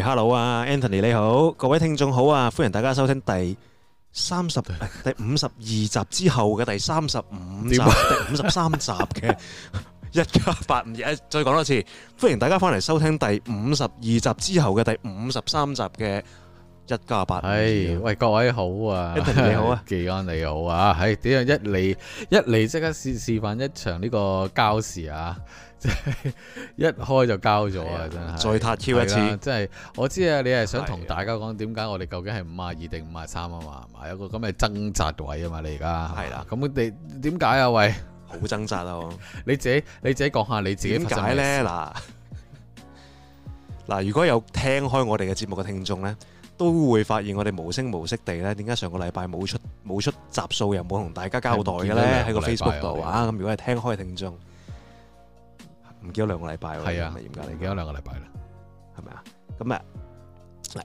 Hello 啊，Anthony 你好，各位聽眾好啊，歡迎大家收聽第三十第五十二集之後嘅第三十五集、五十三集嘅一家八五。再講多次，歡迎大家翻嚟收聽第五十二集之後嘅第五十三集嘅一家八、啊。哎，喂，各位好啊，Anthony 你好啊，紀安你好啊，係點、啊哎、樣一嚟一嚟即刻示示範一場呢個交涉啊？ 一開就交咗啊！的真係再撻超一次，真係我知我啊！你係想同大家講點解我哋究竟係五十二定五十三啊嘛？係咪有個咁嘅掙扎位啊嘛？你而家係啦，咁你點解啊？喂，好掙扎啊 你！你自己你自己講下你自己點解咧？嗱嗱，如果有聽開我哋嘅節目嘅聽眾咧，都會發現我哋無聲無息地咧，點解上個禮拜冇出冇出集數又冇同大家交代嘅咧？喺個 Facebook 度啊！咁說如果係聽開嘅聽眾。唔見咗兩個禮拜啦，係啊，嚴格嚟講，唔見咗兩個禮拜啦，係咪啊？咁啊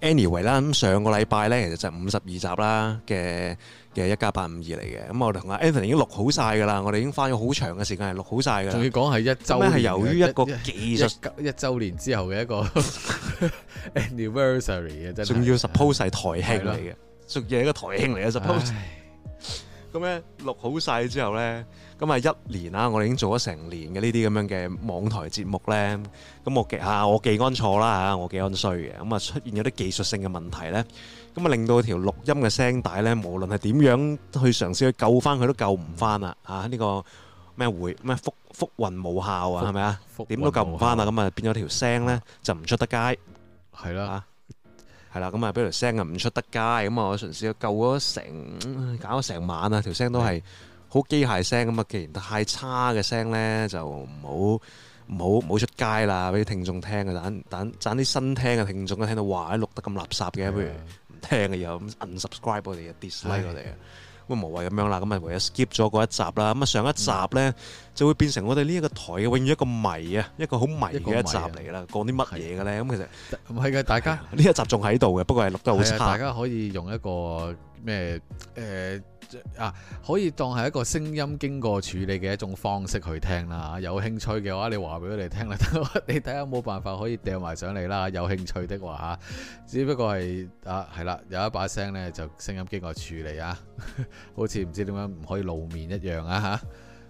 ，anyway 啦，咁上個禮拜咧，其實就係五十二集啦嘅嘅一家八五二嚟嘅。咁我哋同阿 Anthony 已經錄好晒噶啦，我哋已經花咗好長嘅時間係錄好晒噶啦。仲要講係一周，周，咧係由於一個技術一周年之後嘅一個 anniversary，真係仲要 suppose 係台慶嚟嘅，屬於係一個台慶嚟嘅 suppose。咁咧錄好晒之後咧。咁啊，一年啦，我哋已經做咗成年嘅呢啲咁樣嘅網台節目咧。咁我記嚇我記安錯啦嚇，我記安衰嘅。咁啊出現咗啲技術性嘅問題咧，咁啊令到條錄音嘅聲帶咧，無論係點樣去嘗試去救翻佢都救唔翻啦嚇。呢個咩回咩福福運無效啊，係咪啊？點都救唔翻啊！咁啊變咗條聲咧就唔出得街。係啦，係啦。咁啊，俾條聲啊唔出得街，咁啊我嘗試救咗成搞咗成晚啊，條聲都係。好機械聲咁啊！既然太差嘅聲咧，就唔好唔好唔好出街啦，俾啲聽眾聽啊！賺賺賺啲新聽嘅聽眾，聽到哇！錄得咁垃圾嘅，不如唔聽嘅又咁 unsubscribe 我哋啊，dislike 我哋啊，咁啊無謂咁樣啦。咁啊唯有 skip 咗嗰一集啦。咁啊上一集咧，就會變成我哋呢一個台嘅永遠一個謎啊，一個好謎嘅一集嚟啦。講啲乜嘢嘅咧？咁其實唔係嘅，大家呢一集仲喺度嘅，不過係錄得好差。大家可以用一個咩誒？啊，可以當係一個聲音經過處理嘅一種方式去聽啦、啊。有興趣嘅話、啊，你話俾佢哋聽啦、啊。你睇下冇辦法可以掟埋上嚟啦。有興趣的話，只不過係啊，係啦，有一把聲呢，就聲音經過處理啊，好似唔知點樣唔可以露面一樣啊。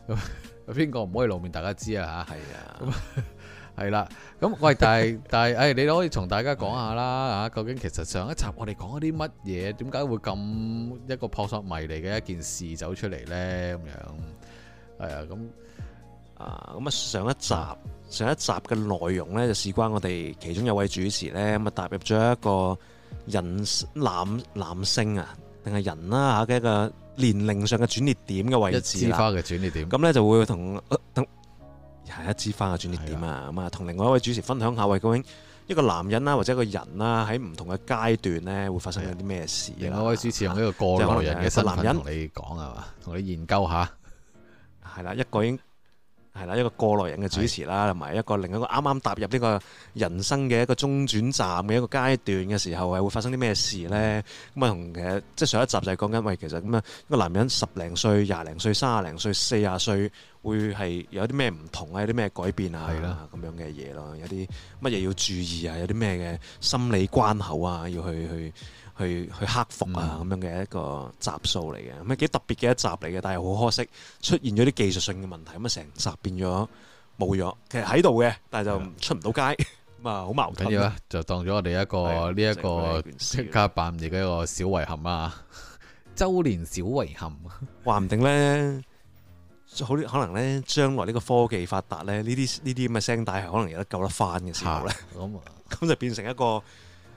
吓、啊，邊個唔可以露面？大家知啊。吓，係啊。啊啊係啦，咁喂，我大 但係但係，誒、哎，你都可以同大家講下啦，吓、 啊，究竟其實上一集我哋講咗啲乜嘢？點解會咁一個撲朔迷離嘅一件事走出嚟呢？咁樣，係、哎、啊，咁啊，咁啊，上一集上一集嘅內容呢，就事關我哋其中有位主持呢，咁、嗯、啊，踏入咗一個人男男性啊，定係人啦吓嘅一個年齡上嘅轉捩點嘅位置啦，花嘅轉捩點，咁呢、嗯，就會同。嗯嗯嗯嗯嗯係一支花嘅轉捩點啊！咁啊的，同另外一位主持分享下，喂，究竟一個男人啦，或者一個人啦，喺唔同嘅階段咧，會發生咗啲咩事？另外一位主持用個一個過來人嘅身份，同你講啊嘛，同你研究下。係啦，一個英。係啦，一個過來人嘅主持啦，同埋的一個另一個啱啱踏入呢個人生嘅一個中轉站嘅一個階段嘅時候，係會發生啲咩事呢？咁啊，同即係上一集就係講緊，喂，其實咁啊，一個男人十零歲、廿零歲、三十零歲、四十歲，會係有啲咩唔同的啊？有啲咩改變啊？係咯，咁樣嘅嘢咯，有啲乜嘢要注意啊？有啲咩嘅心理關口啊？要去去。去去克服啊，咁樣嘅一個集數嚟嘅，咁係幾特別嘅一集嚟嘅，但係好可惜出現咗啲技術性嘅問題，咁啊成集變咗冇咗，其實喺度嘅，但係就出唔到街，咁啊好矛盾。唔緊要啦，就當咗我哋一個呢一、哎呀呢個即刻辦自己一個小遺憾啊，周年小遺憾，話唔定咧好可能咧將來呢個科技發達咧呢啲呢啲咁嘅聲帶係可能有得救得翻嘅時候咧，咁啊咁就變成一個。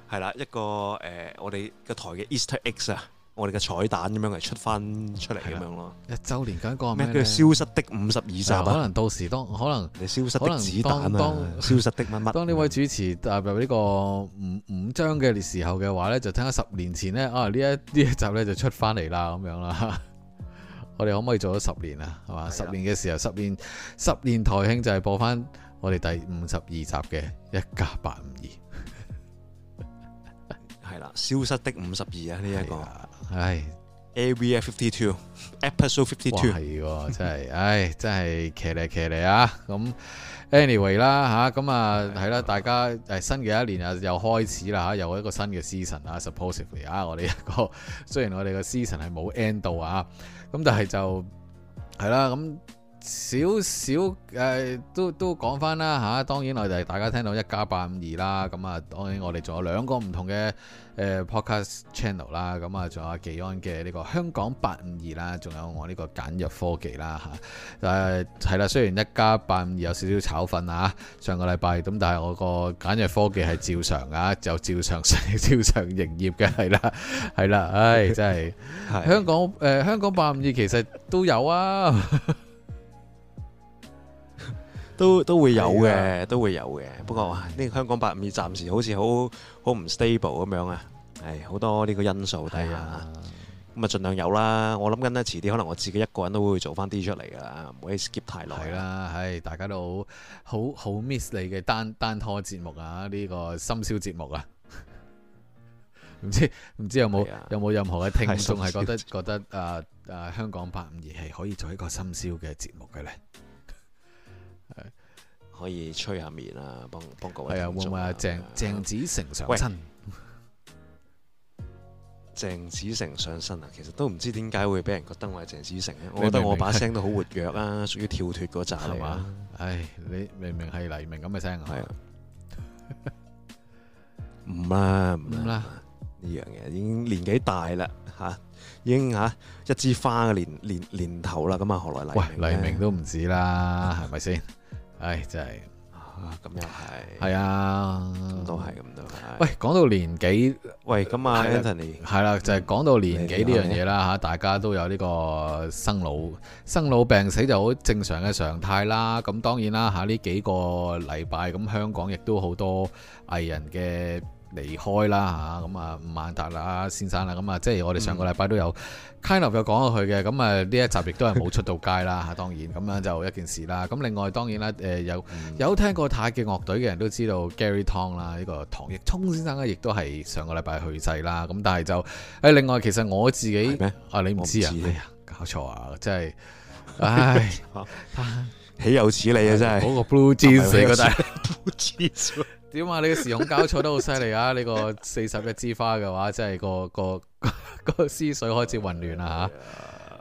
係啦，一個誒、呃，我哋個台嘅 Easter Egg 啊，我哋嘅彩蛋咁樣嚟出翻出嚟咁了樣咯。一周年嗰一個咩？叫做消失的五十二集、啊哎、可能到時當可能你消失的子彈啊，可能當當消失的乜乜。當呢位主持踏入呢個五五張嘅時候嘅話咧，就聽下十年前咧啊呢一呢一集咧就出翻嚟啦咁樣啦。 我哋可唔可以做咗十年啊？係嘛，了十年嘅時候，十年十年台慶就係播翻我哋第五十二集嘅一家八五二。係啦，消失的五十二啊，呢一個，唉，AV fifty two episode fifty two，係喎，真係，唉，真係騎嚟騎嚟啊，咁，anyway 啦，吓，咁啊，係啦，大家誒新嘅一年啊又開始啦，吓，又一個新嘅 season 啦，supposedly 啊，我哋一個雖然我哋嘅 season 係冇 end 到啊，咁但係就係啦，咁。少少誒，都都講翻啦嚇。當然我哋大家聽到一家八五二啦，咁啊，啊當然我哋仲有兩個唔同嘅誒、呃、podcast channel 啦、啊，咁啊仲有阿紀安嘅呢個香講八五二啦，仲有我呢個簡約科技啦嚇。誒係啦，雖然一家八五二有少少炒粉啊，上個禮拜咁，但係我個簡約科技係照常啊， 就照常照常營業嘅係啦，係啦，唉、哎、真係 香講誒、呃、香講八五二其實都有啊。 都都會有嘅，啊、都會有嘅。不過呢，香講852暫時好似好好唔 stable 咁樣啊，係好多呢個因素底下，咁啊，儘量有啦。我諗緊呢遲啲可能我自己一個人都會做翻啲出嚟噶，唔可以 skip 太耐。啦、啊，唉，大家都好好 miss 你嘅單單拖節目啊，呢、呢個深宵節目啊。唔 知唔知有冇有冇、哎、呀任何嘅聽眾係覺得覺得，覺得啊啊，啊，啊，啊香講852係可以做一個深宵嘅節目嘅呢？可以吹下面啊，幫幫各位。係啊，會唔會啊？鄭子誠上身，鄭子誠上身啊，其實都唔知點解會俾人覺得我係鄭子誠咧。我覺得我把聲都好活躍啦，屬於跳脫嗰紮嘛。唉，你明明係黎明咁嘅聲，係啊，唔啦唔啦呢樣嘢，已經年紀大啦嚇，已經嚇一枝花嘅年年年頭啦。咁啊，何來黎明？黎明都唔止啦，係咪先？唉，真係，咁又係，係啊，都係，咁都係。喂，講到年紀，喂，咁啊，Anthony，係啦，喂就係講到年紀呢樣嘢啦嚇，喂大家都有呢個生老生老病死就好正常嘅常態啦。咁當然啦嚇，呢、啊、幾個禮拜咁香港亦都好多藝人嘅離開啦嚇，咁啊吳萬達啦，先生啦，咁啊，即係我哋上個禮拜都有 kind of 有講到佢嘅，咁啊呢一集亦都係冇出到街啦嚇， 當然咁樣就一件事啦。咁另外當然啦，誒、呃、有有聽過太極樂隊嘅人都知道、嗯、Gary Tong 啦，呢個唐奕聰先生咧，亦都係上個禮拜去世啦。咁但係就誒，另外其實我自己嗎啊，你唔知啊，呀，oon, 搞錯啊，真、就、係、是，唉、哎， 豈有此理啊，真係，嗰個 Blue Jeans，你覺得？P G 點啊！你嘅時空交錯得好犀利啊！你個四十一枝花嘅話，即係個個個思緒開始混亂啦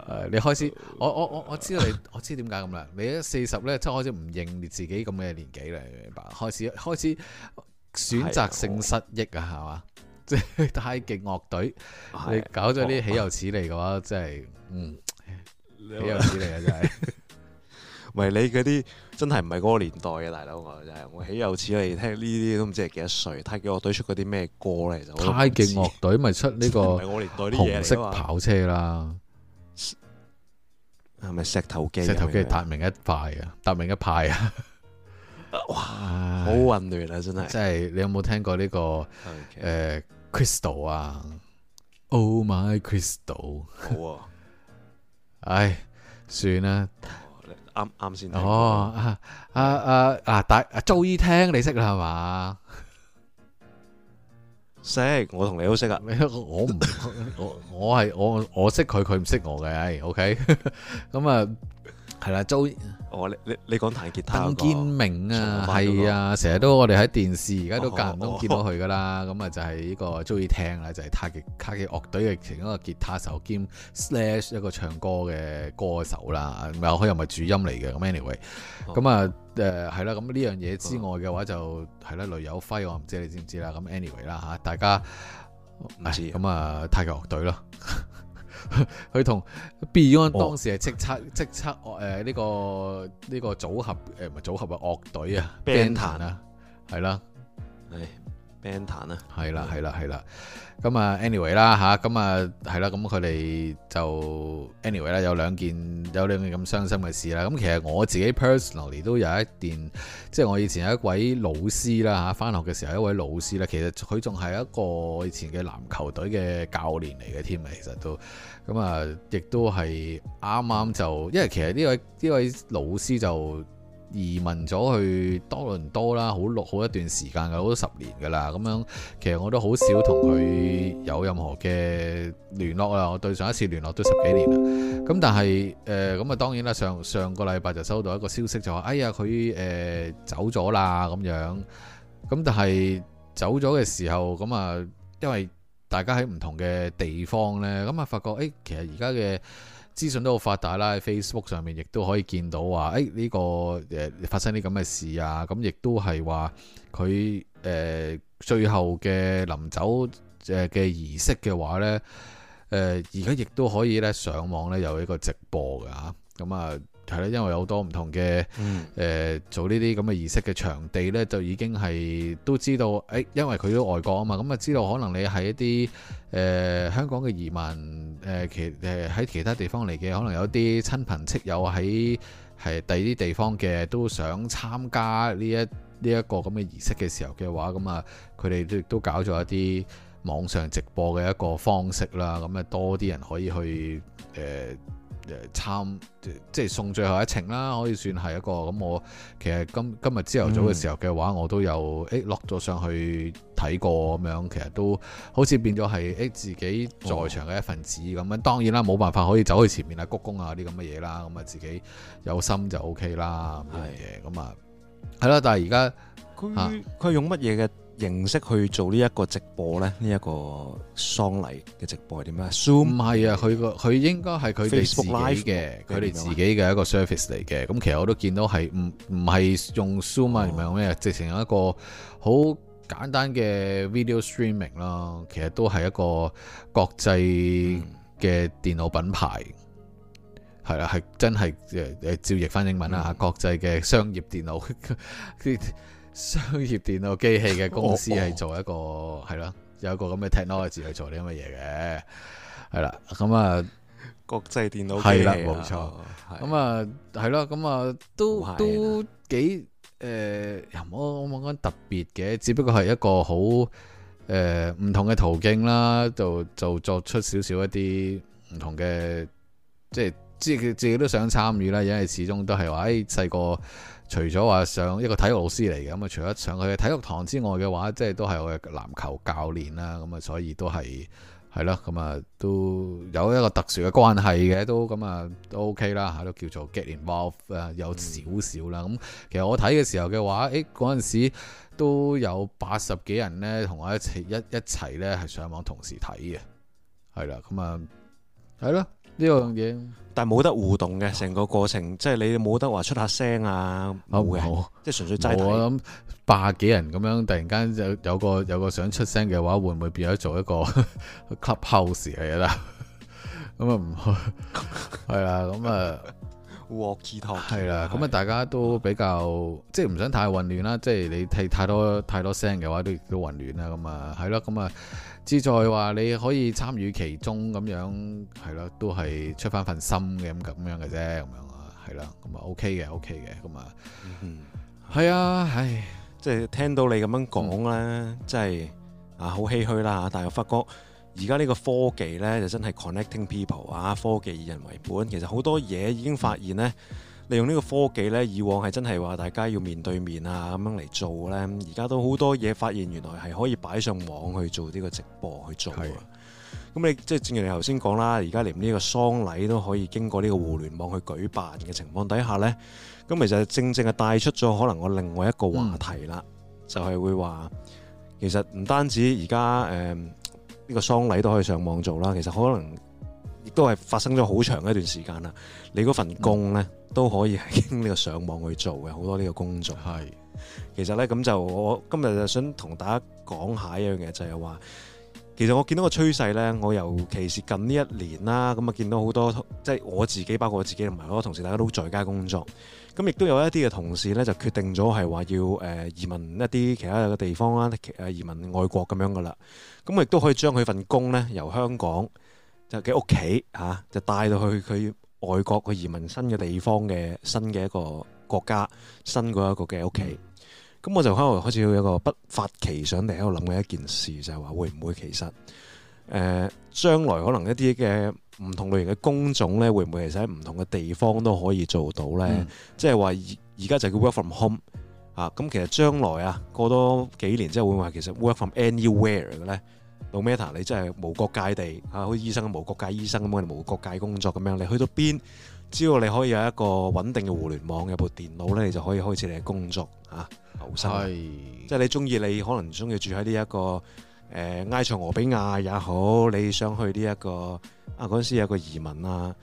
吓。Yeah, 你開始，Yeah. 我我我我知道你，我知點解咁啦。你一四十咧，即係開始唔認你自己咁嘅年紀啦，你明白？開始開始選擇性失憶啊，係嘛？ 即係太極樂隊， 的你搞咗啲豈有此理嘅話，真係 嗯，豈有此理啊！真係喂 你嗰啲。真係唔係嗰個年代嘅大佬，真係我豈有此理聽呢啲都唔知係幾多歲？太極樂隊出嗰啲咩歌咧？就太極樂隊咪出呢個紅色跑車啦，係咪石頭機？石頭機達明一派啊，達明一派啊！哇，好混亂啊！真係，即係你有冇聽過呢個誒 Crystal 啊？Oh my Crystal，好啊，唉，算啦。啱啱先哦，啊啊啊！大啊，周姨聽你識啦係嘛？識，我同你都識噶。我唔，我我係我我識佢，佢唔識我嘅。哎，OK，咁 啊，係啦、啊，周。我、oh, 你你你講彈吉他、那個，鄧建明啊，係、那個、啊，成日都我哋喺電視，而家都間唔中見到佢噶啦，咁啊、哦嗯、就係呢、這個中意聽啦，就係太極卡嘅樂隊嘅其中一個吉他手兼 Slash 一個唱歌嘅歌手啦，佢又咪主音嚟嘅，咁 anyway，咁、哦、啊誒係啦，咁呢樣嘢之外嘅話就係啦、啊，雷有輝我唔知你知唔知啦，咁 anyway 啦、啊、吓，大家唔知咁啊太極樂隊咯。哎 佢同 Beyond 當時係叱咤叱咤誒呢、呃，這個呢、這個組合誒，唔係組合啊樂隊啊，band 團 an 啊，係 an、啊、啦，唉。Band 談啦，係啦係啦係啦，咁 Any 啊，啊 anyway 啦吓，咁啊係啦，咁佢哋就 anyway 啦，有兩件有兩件咁傷心嘅事啦。咁其實我自己 personally 都有一段，即係我以前有一位老師啦嚇，翻、啊、學嘅時候一位老師啦，其實佢仲係一個以前嘅籃球隊嘅教練嚟嘅添啊，其實都咁啊，亦都係啱啱就，因為其實呢位呢位老師就。移民咗去多倫多啦，好六好一段時間嘅，好十年㗎啦。咁樣其實我都好少同佢有任何嘅聯絡啦。我對上一次聯絡都十幾年啦。咁但係誒，咁、呃、啊當然啦，上上個禮拜就收到一個消息就話，哎呀佢誒、呃、走咗啦咁樣。咁但係走咗嘅時候，咁啊因為大家喺唔同嘅地方呢，咁啊發覺誒、欸，其實而家嘅資訊都好發達啦，喺 Facebook 上面亦都可以見到話，誒、哎、呢、呢個誒、呃、發生啲咁嘅事啊，咁、嗯、亦都係話佢誒最後嘅臨走誒嘅、呃、儀式嘅話呢，誒而家亦都可以呢，上網呢，有一個直播噶咁啊。嗯呃係啦，因為有好多唔同嘅誒、呃、做呢啲咁嘅儀式嘅場地呢，就已經係都知道，誒、哎，因為佢都外國啊嘛，咁啊知道可能你喺一啲誒、呃、香港嘅移民誒、呃、其誒喺、呃、其他地方嚟嘅，可能有啲親朋戚友喺係第啲地方嘅，都想參加呢一呢一、這個咁嘅儀式嘅時候嘅話，咁啊佢哋亦都搞咗一啲網上直播嘅一個方式啦，咁啊多啲人可以去誒。呃參即係送最後一程啦，可以算係一個。咁我其實今今日朝頭早嘅時候嘅話，嗯、我都有誒落咗上去睇過咁樣，其實都好似變咗係誒自己在場嘅一份子咁樣。哦、當然啦，冇辦法可以走去前面啊鞠躬啊啲咁嘅嘢啦，咁啊自己有心就 OK 啦咁樣嘅嘢咁啊，係啦。但係而家佢佢用乜嘢嘅？形式去做呢一個直播咧，呢、這、一個喪禮嘅直播係點咧？Zoom 唔係啊，佢個佢應該係佢哋 f a 嘅，佢哋自己嘅 Facebook Live 一個 service 嚟嘅。咁其實我都見到係唔唔係用 Zoom 啊，唔係、哦、用咩，直情有一個好簡單嘅 video streaming 啦。其實都係一個國際嘅電腦品牌，係啦、嗯，係、啊、真係誒誒照譯返英文啊！嗯、國際嘅商業電腦。 商業電腦機器嘅公司係做一個係啦、oh, oh.，有一個咁嘅 technology 去做啲咁嘅嘢嘅，係啦，咁啊，國際電腦機器係啦，冇錯，咁啊，係咯，咁啊，都都，都幾誒，冇冇講特別嘅，只不過係一個好誒唔同嘅途徑啦，就就作出少少一啲唔同嘅，即係即係自己都想參與啦，因為始終都係話，誒細個。除咗話上一個體育老師嚟嘅，咁啊除咗上去嘅體育堂之外嘅話，即係都係我嘅籃球教練啦，咁啊所以都係係咯，咁啊都有一個特殊嘅關係嘅，都咁啊都 OK 啦，都叫做 get involved 啊有少少啦，咁、嗯、其實我睇嘅時候嘅話，誒嗰陣時都有八十幾人咧同我一齊一一齊咧係上網同時睇嘅，係啦，咁啊係咯呢樣嘢。但係冇得互動嘅，成個過程即係你冇得話出下聲啊，冇嘅，即係純粹就睇。我諗百幾人咁樣，突然間有有個有個想出聲嘅話，會唔會變咗做一個 clubhouse 嚟啦？咁啊唔係，係啦，咁啊 work together 係啦，咁啊大家都比較即係唔想太混亂啦。即係你睇太多太多聲嘅話，都都混亂啦。咁啊係咯，咁啊。之在話你可以參與其中咁樣係咯，都係出翻份心嘅咁咁樣嘅啫，咁樣啊，係啦，咁啊 OK 嘅，OK 嘅，咁啊，嗯哼，係啊，唉，即係聽到你咁樣講呢，嗯、真係啊好唏噓啦，但係我發覺而家呢個科技呢，就真係 connecting people 啊，科技以人為本，其實好多嘢已經發現呢。利用呢個科技咧，以往係真係話大家要面對面啊咁樣嚟做呢。而家都好多嘢發現原來係可以擺上網去做呢個直播去做啊。咁的你即係正如你頭先講啦，而家連呢個喪禮都可以經過呢個互聯網去舉辦嘅情況底下呢，咁其實正正係帶出咗可能我另外一個話題啦，嗯、就係會話其實唔單止而家誒呢個喪禮都可以上網做啦，其實可能。亦都係發生咗好長一段時間啦。你嗰份工呢都可以係經呢個上網去做嘅，好多呢個工作。係，其實呢咁就我今日就想同大家講下一樣嘢，就係話其實我見到個趨勢呢，我尤其是近呢一年啦，咁啊見到好多即係我自己，包括我自己同埋好多同事，大家都在家工作。咁亦都有一啲嘅同事呢，就決定咗係話要誒移民一啲其他嘅地方啦，誒移民外國咁樣噶啦。咁我亦都可以將佢份工呢由香港。就佢屋企吓，就帶到佢去佢外國去移民新嘅地方嘅新嘅一個國家，新嗰一個嘅屋企。咁、嗯、我就喺度開始有一個不發奇想地喺度諗嘅一件事，就係、是、話會唔會其實誒、呃、將來可能一啲嘅唔同類型嘅工種咧，會唔會其實喺唔同嘅地方都可以做到咧？即係話而家就叫 work from home 啊，咁其實將來啊過多幾年之後會唔會其實 work from anywhere 嘅咧？Meta，你真係無國界地嚇，好似醫生咁無國界醫生咁，我哋無國界工作咁樣。你去到邊，只要你可以有一個穩定嘅互聯網，有部電腦咧，你就可以開始你嘅工作嚇。後、啊、生，哎、即係你中意，你可能中意住喺呢一個誒、呃、埃塞俄比亞也好，你想去呢、這、一個啊嗰陣時有個移民啊，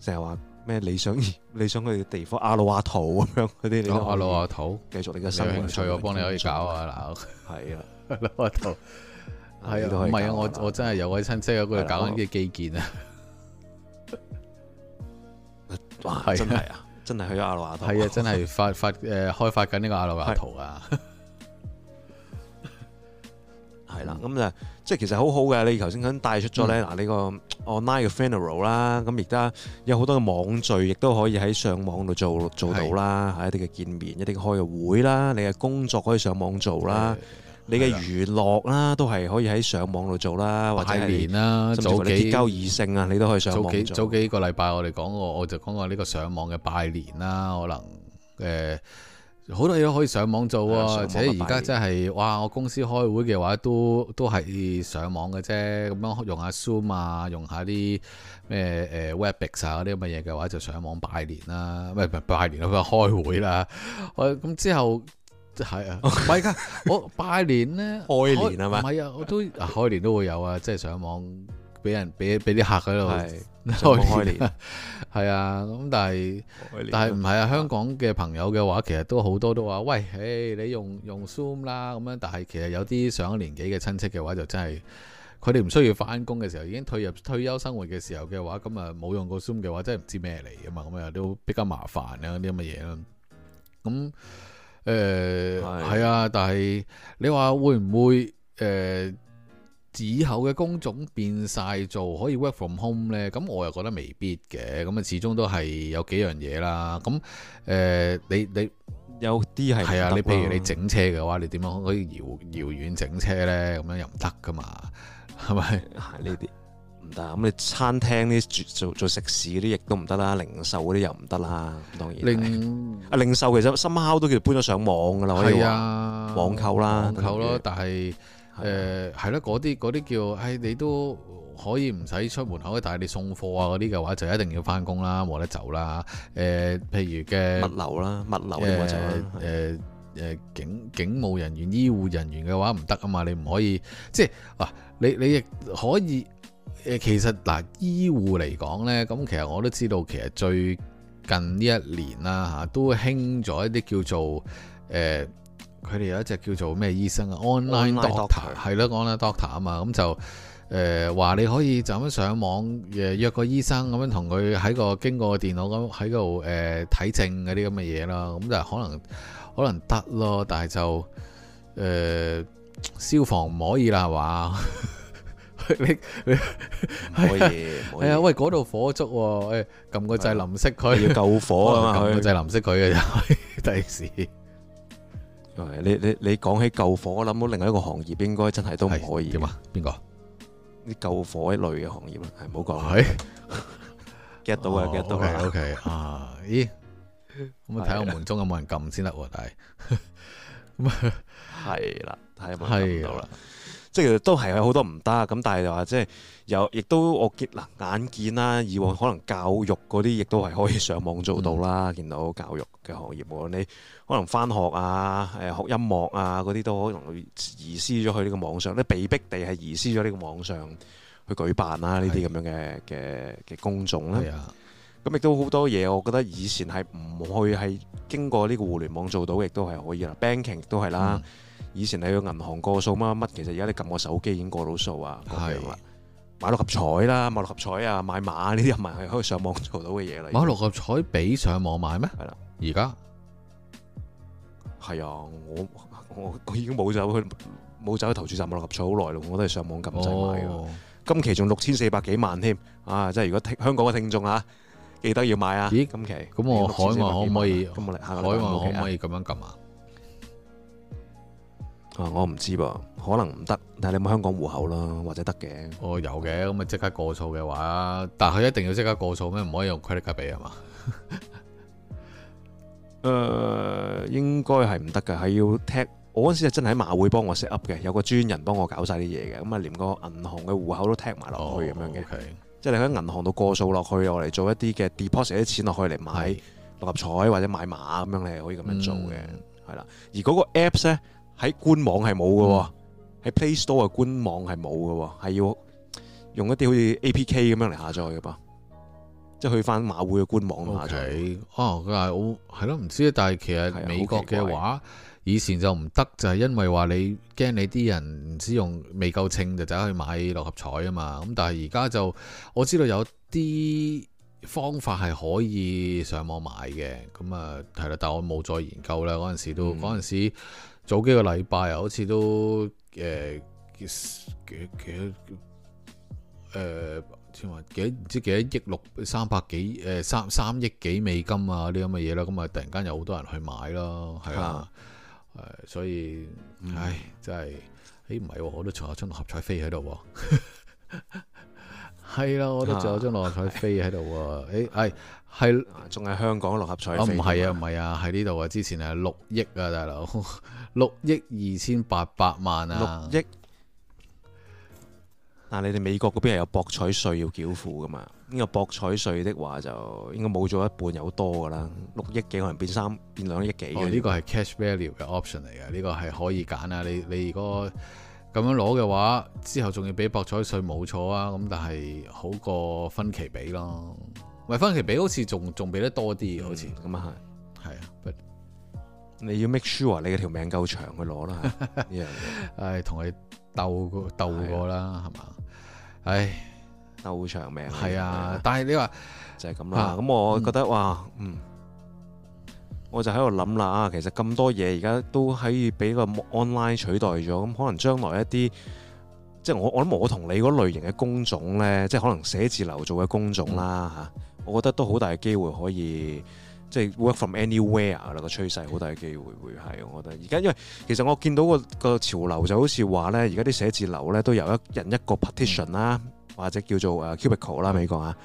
成日話咩你想，你想去嘅地方阿魯阿圖咁樣嗰啲，你阿魯阿圖，繼續你嘅生命，啊、啊興趣，我幫你可以搞啊嗱，係啊， 阿魯阿圖。係啊，唔係啊，我我真係有位親戚喺嗰度搞緊啲基建啊！ 哇，係啊，真係去咗阿羅阿圖，係啊，真係發發誒、呃，開發緊呢個阿羅阿圖啊！係啦，咁就即係其實好好嘅。你頭先咁帶出咗咧，嗱呢個 online 嘅 funeral 啦，咁而家有好多嘅網聚，亦都可以喺上網度做做到啦。吓的、啊，一啲嘅見面，一啲開嘅會啦，你嘅工作可以上網做啦。你嘅娛樂啦、啊，都係可以喺上網度做啦，啊、或者年啦，早幾你結交異性啊，你都可以上網做。早幾早幾個禮拜，我哋講我我就講過呢個上網嘅拜年啦、啊，可能誒好、呃、多嘢都可以上網做啊。而且而家真係哇，我公司開會嘅話都，都都係上網嘅啫。咁樣用下 Zoom 啊，用下啲咩誒 Webex 啊嗰啲咁嘅嘢嘅話，就上網拜年啦、啊，唔係拜年咁啊年開會啦。我咁之後。係啊，唔係噶， 我拜年咧，年開年係咪？唔係啊，我都 開年都會有啊，即、就、係、是、上網俾人俾俾啲客喺度是開年，係開年 啊。咁、嗯、但係年但係唔係啊，香港嘅朋友嘅話，其實都好多都話，喂，誒，你用用 Zoom 啦咁樣、嗯。但係其實有啲上咗年紀嘅親戚嘅話，就真係佢哋唔需要翻工嘅時候，已經退入退休生活嘅時候嘅話，咁啊冇用過 Zoom 嘅話，真係唔知咩嚟啊嘛。咁啊都比較麻煩啊啲咁嘅嘢啦。咁誒，係啊、呃，的但係你話會唔會誒、呃，以後嘅工種變晒做可以 work from home 咧？咁我又覺得未必嘅，咁啊，始終都係有幾樣嘢啦。咁誒、呃，你你有啲係係啊，你譬的如你整車嘅話，你點樣可以遙遙遠整車咧？咁樣又唔得噶嘛，係咪？係呢啲。唔得。咁，你餐廳啲做做食肆嗰啲，亦都唔得啦。零售嗰啲又唔得啦。當然，啊，零售其實深烤都叫做搬咗上網噶啦，可以話網購啦，網購咯。但係誒係咯，嗰啲嗰啲叫誒，你都可以唔使出門口嘅，但係你送貨啊嗰啲嘅話，就一定要翻工啦，冇得走啦。誒，譬如嘅物流啦，物流或者誒誒誒警警務人員、醫護人員嘅話唔得啊嘛，你唔可以即係嗱，你你亦可以。誒其實嗱，醫護嚟講咧，咁其實我都知道，其實最近呢一年啦、啊、嚇，都興咗一啲叫做誒，佢、呃、哋有一隻叫做咩醫生啊，online doctor 係咯，online doctor 啊嘛，咁、嗯、就誒話、呃、你可以就咁上網誒、呃、約個醫生咁樣同佢喺個經過個電腦咁喺度誒睇症嗰啲咁嘅嘢啦，咁、呃、就可，可能可能得咯，但係就誒、呃、消防唔可以啦，係嘛？你你唔可以係啊？喂，嗰度火燭，誒，撳個掣淋熄佢，要救火啊嘛！撳個掣淋熄佢嘅就係第時。你你你講起救火，我諗到另外一個行業應該真係都唔可以。點啊？邊個？啲救火一類嘅行業啦。係唔好講佢 get 到啊？get 到。OK 啊，咦？咁啊睇下門鐘有冇人撳先得喎，但係咁係啦，係冇撳到啦。即係都係有好多唔得咁，但係又話即係有，亦都我見嗱、呃、眼見啦。以往可能教育嗰啲，亦都係可以上網做到啦。見、嗯、到教育嘅行業，無論你可能翻學啊，誒、呃、學音樂啊嗰啲，都可能會移師咗去呢個網上，你被逼地係移師咗呢個網上去舉辦啦。呢啲咁樣嘅嘅嘅公眾咧，咁亦、啊、都好多嘢，我覺得以前係唔去係經過呢個互聯網做到，亦都係可以啦。Banking 都係啦。以前你去銀行過數乜乜，其實而家你撳個手機已經過到數啊，咁樣啦。買六合彩啦，買六合彩啊，買馬呢啲又咪係可以上網做到嘅嘢嚟。買六合彩比上網買咩？係啦，而家係啊，我我我已經冇走去冇走去投注站買六合彩好耐咯，我都係上網撳掣買嘅。今期仲六千四百幾萬添啊！即係如果聽香港嘅聽眾啊，記得要買啊！咦？今期咁我海外可唔可以？咁我嚟海外可唔可以咁樣撳啊？啊！我唔知噃，可能唔得，但係你有冇香港戶口啦，或者得嘅？哦，有嘅，咁啊即刻過數嘅話，但係一定要即刻過數咩？唔可以用 credit card 俾係嘛？誒、 呃，應該係唔得嘅，係要踢。我嗰時真係喺馬會幫我 set up 嘅，有個專人幫我搞晒啲嘢嘅，咁啊連個銀行嘅戶口都踢埋落去咁樣嘅，即係你喺銀行度過數落去，我嚟、哦 okay、做一啲嘅 deposit 啲錢落去嚟買六合彩或者買馬咁樣，你可以咁樣做嘅，係啦、嗯。而嗰個 apps 咧。喺官網係冇嘅，喺、嗯、Play Store 嘅官網係冇嘅，係要用一啲好似 APK 咁樣嚟下載嘅噃，即係去返馬會嘅官網落去。啊，佢係我係咯，唔知，但係其實美國嘅話以前就唔得，就係、是、因為話你驚你啲人唔知用未夠稱就走去買六合彩啊嘛。咁但係而家就我知道有啲方法係可以上網買嘅，咁啊係啦，但係我冇再研究啦。嗰陣時都嗰陣時。早幾個禮拜啊，好似都誒、呃、幾幾幾誒，千話幾唔知幾多億六三百幾誒三三億幾美金啊啲咁嘅嘢啦，咁啊突然間有好多人去買啦，係啊，誒、啊呃、所以，嗯、唉真係，誒唔係，我都仲有張六合彩飛喺度，係 啦、啊，我都仲有張六合彩飛喺度，誒，係。係，仲係香港六合彩。唔係啊，唔係啊，喺呢度啊，之前係六億啊，大佬，六億二千八百萬啊。六億。但你哋美國嗰邊係有博彩稅要繳付噶嘛？呢個博彩稅的話，就應該冇咗一半有，有多噶啦。六億幾可能變三變兩億幾。哦，呢個係 cash value 嘅 option 嚟嘅，呢個係可以揀啊。你你如果咁樣攞嘅話，之後仲要俾博彩稅，冇錯啊。咁但係好過分期俾咯。買分期比好似仲仲俾得多啲，好似咁啊。係，係、嗯、啊！你要 make sure 你嘅條命夠長去攞啦，係、啊，誒、 啊，同佢鬥過鬥、啊、過啦，係嘛？唉、哎，鬥長命係啊！但係你話就係咁啦。咁、啊嗯、我覺得哇，嗯，我就喺度諗啦啊，其實咁多嘢而家都可以俾個 online 取代咗，咁、嗯、可能將來一啲即係我，我諗我同你嗰類型嘅工種咧，即係可能寫字樓做嘅工種啦吓。嗯我覺得都好大嘅機會可以即係、就是、work from anywhere 啦個趨勢，好大嘅機會會係我覺得。而家因為其實我見到個潮流就好似話呢，而家啲寫字樓呢，都由一人一個 partition 啦，或者叫做誒 cubicle 啦，美國啊，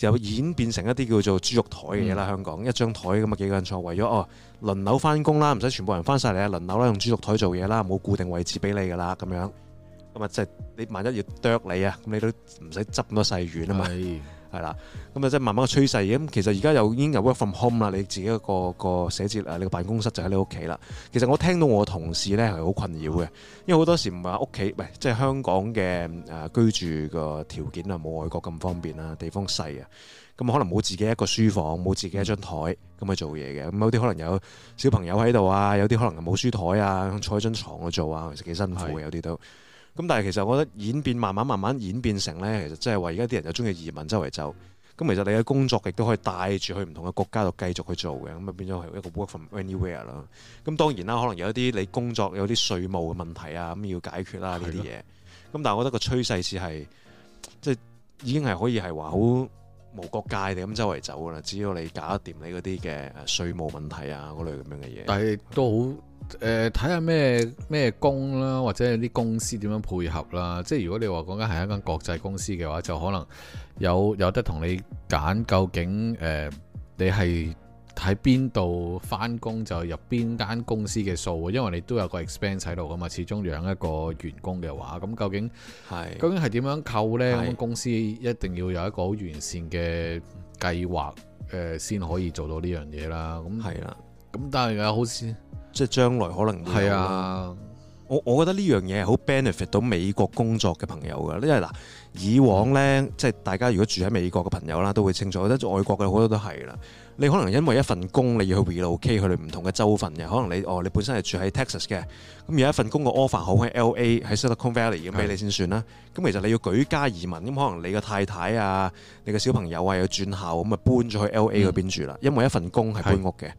又演變成一啲叫做豬肉台嘅嘢啦。嗯、香港一張台咁啊幾個人坐，為咗哦輪流翻工啦，唔使全部人翻晒嚟啊，輪流啦用豬肉台做嘢啦，冇固定位置俾你㗎啦咁樣。咁啊即係你萬一要剁你啊，咁你都唔使執咁多細軟啊嘛。係啦，咁啊即係慢慢嘅趨勢。咁其實而家又已經有 work from home 啦，你自己一個個寫字啊，你個辦公室就喺你屋企啦。其實我聽到我同事咧係好困擾嘅，因為好多時唔係屋企，唔、哎、即係香港嘅誒居住個條件啊，冇外國咁方便啊，地方細啊，咁可能冇自己一個書房，冇自己一張台咁去做嘢嘅。咁有啲可能有小朋友喺度啊，有啲可能冇書台啊，坐喺張床度做啊，其實幾辛苦嘅，的有啲都咁但係其實我覺得演變慢慢慢慢演變成咧，其實即係話而家啲人就鍾意移民周圍走。咁其實你嘅工作亦都可以帶住去唔同嘅國家度繼續去做嘅，咁啊變咗係一個 work from anywhere 啦。咁當然啦，可能有一啲你工作有啲稅務嘅問題啊，咁要解決啦呢啲嘢。咁的但係我覺得個趨勢是係即係已經係可以係話好無國界地咁周圍走噶啦，只要你搞得掂你嗰啲嘅誒稅務問題啊嗰類咁樣嘅嘢。但係是吧都好。誒，睇下咩咩工啦，或者有啲公司點樣配合啦。即係如果你話講緊係一間國際公司嘅話，就可能有有得同你揀究竟誒、呃，你係喺邊度翻工，就入邊間公司嘅數，因為你都有個 expense 喺度㗎嘛，始終養一個員工嘅話，咁究竟係是究竟係點樣扣呢？咁是公司一定要有一個好完善嘅計劃誒、呃，先可以做到呢樣嘢啦。咁係啦，咁的但係嘅好似。即係將來可能會係啊！我我覺得呢樣嘢好 benefit 到美國工作嘅朋友㗎，因為嗱以往呢，嗯、即係大家如果住喺美國嘅朋友啦，都會清楚，或者外國嘅好多都係啦。你可能因為一份工你要去 relocate 去唔同嘅州份嘅，可能你哦，你本身係住喺 Texas 嘅，咁有一份工嘅 offer 好喺 LA 喺 Silicon Valley 咁俾你先算啦。咁是其實你要舉家移民，咁可能你嘅太太啊、你嘅小朋友啊要轉校，咁啊搬咗去 LA 嗰、嗯、邊住啦，因為一份工係搬屋嘅。是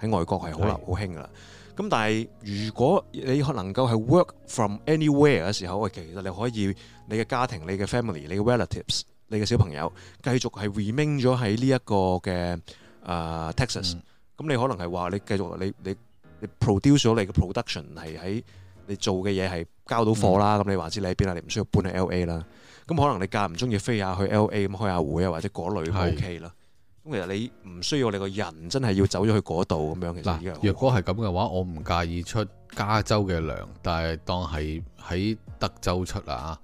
喺外國係好流好興噶啦，咁但係如果你能夠係 work from anywhere 嘅時候，喂，其實你可以你嘅家庭、你嘅 family、你嘅 relatives、你嘅小朋友繼續係 remain 咗喺呢一個嘅啊 Texas，咁你可能係話你繼續你你你 produce 咗你嘅 production 係喺你做嘅嘢係交到貨啦，咁你話知你喺邊啊？你唔需要搬去 LA 啦，咁可能你間唔中要飛下去 LA 咁開下會啊，或者嗰類 OK 啦。咁其實你唔需要你個人真係要走咗去嗰度咁樣嘅。嗱，若果係咁嘅話，我唔介意出加州嘅糧，但係當係喺德州出啦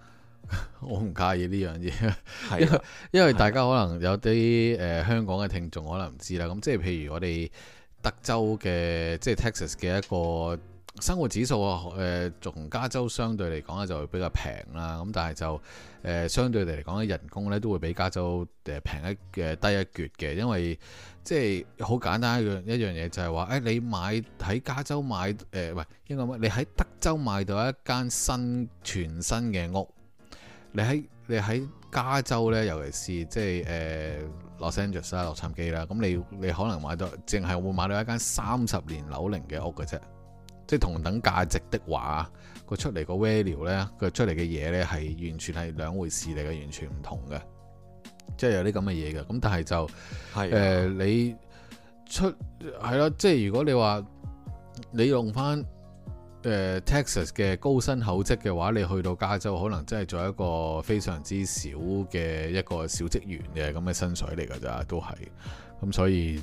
嚇，我唔介意呢樣嘢。的因為因為大家可能有啲誒的、呃、香港嘅聽眾可能唔知啦。咁即係譬如我哋德州嘅，即係 Texas 嘅一個生活指數啊，誒、呃，從加州相對嚟講啊，就比較平啦。咁但係就。誒、呃、相對嚟講咧，人工咧都會比加州誒平、呃、一誒、呃、低一橛嘅，因為即係好簡單一樣一樣嘢就係、是、話，誒、哎、你買喺加州買誒唔係應該你喺德州買到一間新全新嘅屋，你喺你喺加州咧，尤其是即係誒 Los Angeles 啦、啊、洛杉磯啦，咁、啊嗯、你你可能買到，淨係會買到一間三十年樓齡嘅屋嘅啫，即係同等價值的話。佢出嚟個 value 咧，佢出嚟嘅嘢咧係完全係兩回事嚟嘅，完全唔同嘅，即係有啲咁嘅嘢嘅。咁但係就係誒、啊呃、你出係咯、啊，即係如果你話你用翻誒、呃、Texas 嘅高薪厚職嘅話，你去到加州可能真係做一個非常之少嘅一個小職員嘅咁嘅薪水嚟㗎咋，都係咁、嗯、所以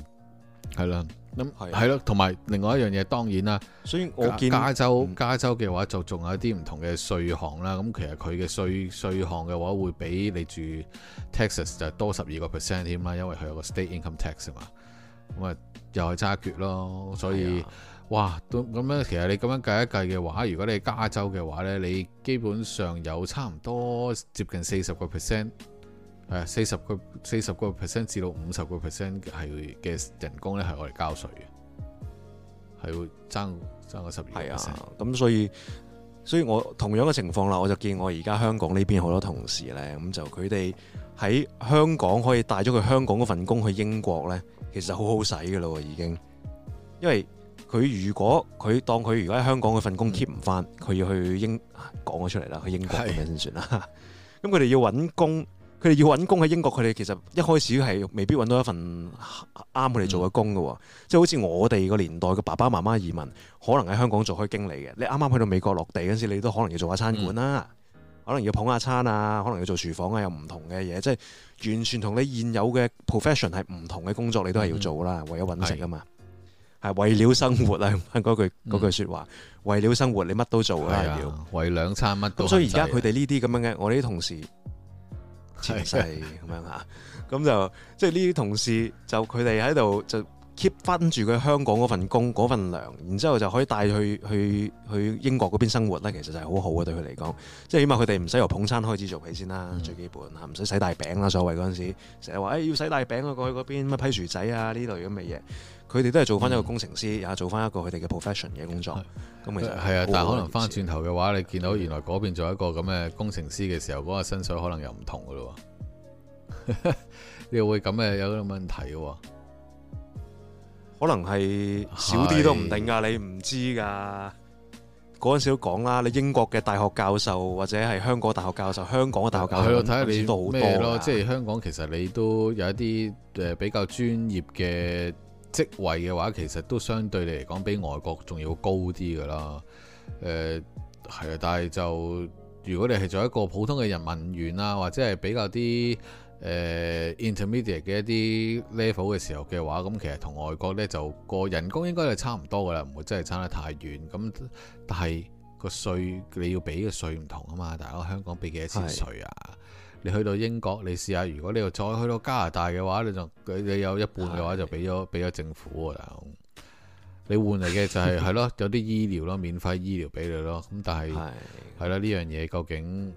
係咯。咁係咯，同埋、嗯啊、另外一樣嘢，當然啦。所以我見加州加州嘅話，就仲有一啲唔同嘅稅項啦。咁其實佢嘅稅稅項嘅話，會比你住 Texas 就多十二個 percent 添啦，因為佢有個 state income tax 啊嘛。咁啊，又係揸缺咯。所以、啊、哇，咁咁樣其實你咁樣計一計嘅話，如果你加州嘅話咧，你基本上有差唔多接近四十個 percent。係四十個四十個 percent 至到五十個 percent 係嘅人工咧，係我哋交稅嘅，係會爭爭個十年係啊。咁所以，所以我同樣嘅情況啦，我就見我而家香港呢邊好多同事咧，咁就佢哋喺香港可以帶咗佢香港嗰份工去英國咧，其實好好使噶咯，已經。因為佢如果佢當佢而家喺香港嗰份工 keep 唔翻，佢、嗯、要去英講咗出嚟啦，去英國咁樣先算啦。咁佢哋要搵工。佢哋要揾工喺英國，佢哋其實一開始係未必揾到一份啱佢哋做嘅工㗎，嗯、即係好似我哋個年代嘅爸爸媽媽移民，可能喺香港做開經理嘅，你啱啱去到美國落地嗰陣時，你都可能要做下餐館啦，嗯、可能要捧下餐啊，可能要做廚房啊，有唔同嘅嘢，即係完全同你現有嘅 profession 係唔同嘅工作，你都係要做啦，嗯、為咗揾食啊嘛，係為了生活啊，嗰句嗰句説話，為、嗯、了生活你乜都做啊，為兩餐乜都係啊，所以而家佢哋呢啲咁樣嘅我哋啲同事。其實係咁樣嚇，咁就即係呢啲同事就佢哋喺度就 keep 返住佢香港嗰份工嗰份糧，然之後就可以帶佢去、嗯、去，去英國嗰邊生活啦。其實就係好好嘅對佢嚟講，即係起碼佢哋唔使由捧餐開始做起先啦，嗯、最基本啊，唔使洗大餅啦。所謂嗰陣時成日話誒要洗大餅啊，過去嗰邊乜批薯仔啊呢類咁嘅嘢。佢哋都係做翻一個工程師，也、嗯、做翻一個佢哋嘅 profession 嘅工作。咁、嗯、其實係啊，但係可能翻轉頭嘅話，你見到原來嗰邊做一個咁嘅工程師嘅時候，嗰、那個薪水可能又唔同噶咯。 你會咁嘅有啲問題喎？可能係少啲都唔定噶，是你唔知噶。嗰陣時講啦，你英國嘅大學教授或者係香港大學教授，香港嘅大學教授，我睇下你到咩咯。的即係香港其實你都有一啲比較專業嘅。職位嘅話，其實都相對嚟講比外國仲要高啲噶啦。誒、呃，係啊，但係就如果你係做一個普通嘅人民員啦、啊，或者係比較啲誒 intermediate 嘅一啲、呃、level 嘅時候嘅話，咁、嗯、其實同外國呢，就個人工應該係差唔多噶啦，唔會真係差得太遠。咁但係個稅你要俾嘅稅唔同啊嘛，大家香港俾幾多錢稅啊？你去到英國，你試下；如果你又再去到加拿大嘅話，你就你有一半嘅話的就俾咗俾咗政府㗎啦。你換嚟嘅就係係咯，有啲醫療咯，免費醫療俾你咯。咁但係係啦，呢樣嘢究竟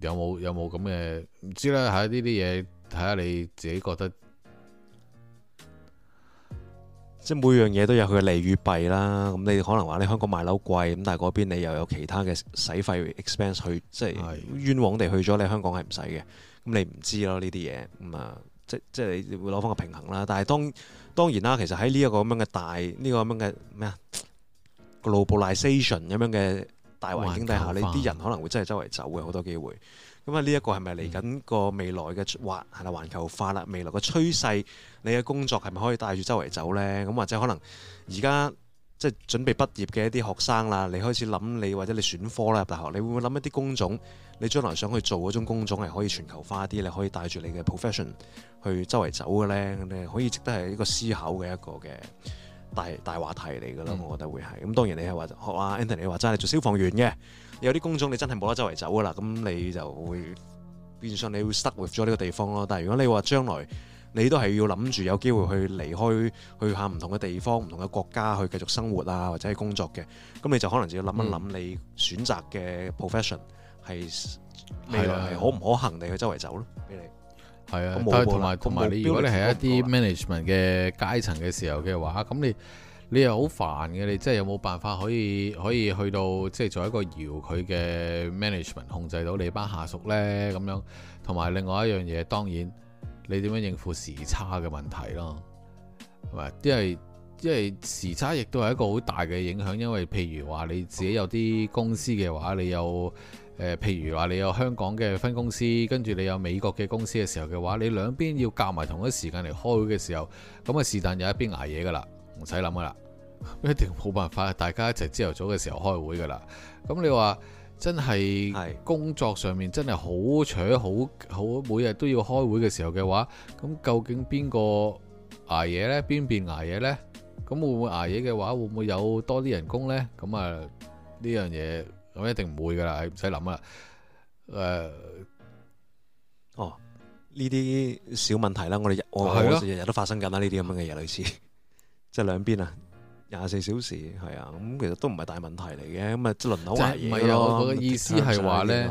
有冇有冇咁嘅唔知啦。喺呢啲嘢睇下你自己覺得。即係每樣嘢都有佢嘅利與弊啦，咁你可能話你香港買樓貴，咁但係嗰邊你又有其他嘅使費 expense 去，即係冤枉地去咗，你香港係唔使嘅，咁你唔知咯呢啲嘢，咁啊、嗯，即係即係你會攞翻個平衡啦。但係當然當然啦，其實喺呢一個咁樣嘅大呢、呢個咁樣嘅咩啊 globalization 咁樣嘅。大環境底下，你啲人可能會真係周圍走嘅好多機會。咁啊，呢一個係咪嚟緊個未來嘅環係啦，環球化啦，未來嘅趨勢，你嘅工作係咪可以帶住周圍走呢？咁或者可能而家即係準備畢業嘅一啲學生啦，你開始諗你或者你選科啦入大學，你會唔會諗一啲工種？你將來想去做嗰種工種係可以全球化啲，你可以帶住你嘅 profession 去周圍走嘅呢？可以值得係一個思考嘅一個嘅。大大話題嚟㗎啦，嗯、我覺得會係咁。當然你係話，學啊 Anthony 話齋係做消防員嘅，有啲工種你真係冇得周圍走㗎啦。咁你就會變相你會 stuck with 咗呢個地方咯。但係如果你話將來你都係要諗住有機會去離開，去下唔同嘅地方、唔同嘅國家去繼續生活啊，或者係工作嘅，咁你就可能就要諗一諗你選擇嘅 profession 係、嗯、未來係可唔可行你去周圍走，俾、嗯、你。係啊，但係同埋同埋你如果你係一啲 management 嘅階層嘅時候嘅話，咁、嗯、你你又好煩嘅，你即係有冇辦法可以可以去到即係、就是、做一個遙距嘅 management 控制到你班下屬呢？咁樣？同埋另外一樣嘢，當然你點樣應付時差嘅問題咯？係咪？因為因為時差亦都係一個好大嘅影響，因為譬如話你自己有啲公司嘅話，你有。呃，譬如話你有香港嘅分公司，跟住你有美國嘅公司嘅時候嘅話，你兩邊要夾埋同一時間嚟開會嘅時候，咁啊是但有一邊捱夜噶啦，唔使諗噶啦，一定冇辦法，大家一齊朝頭早嘅時候開會噶啦。咁你話真係工作上面真係好扯，好好每日都要開會嘅時候嘅話，咁究竟邊個捱夜呢？邊邊捱夜呢？咁會唔會捱夜嘅話，會唔會有多啲人工呢？咁啊呢樣嘢。我一定唔會噶啦，你唔使諗啦。誒，哦，呢啲小問題啦，我哋日我日日都發生緊啦，呢啲咁樣嘅嘢類似，即係兩邊啊，廿四小時，係啊，咁其實都唔係大問題嚟嘅，咁啊，即係輪流捱夜咯。意思係話咧，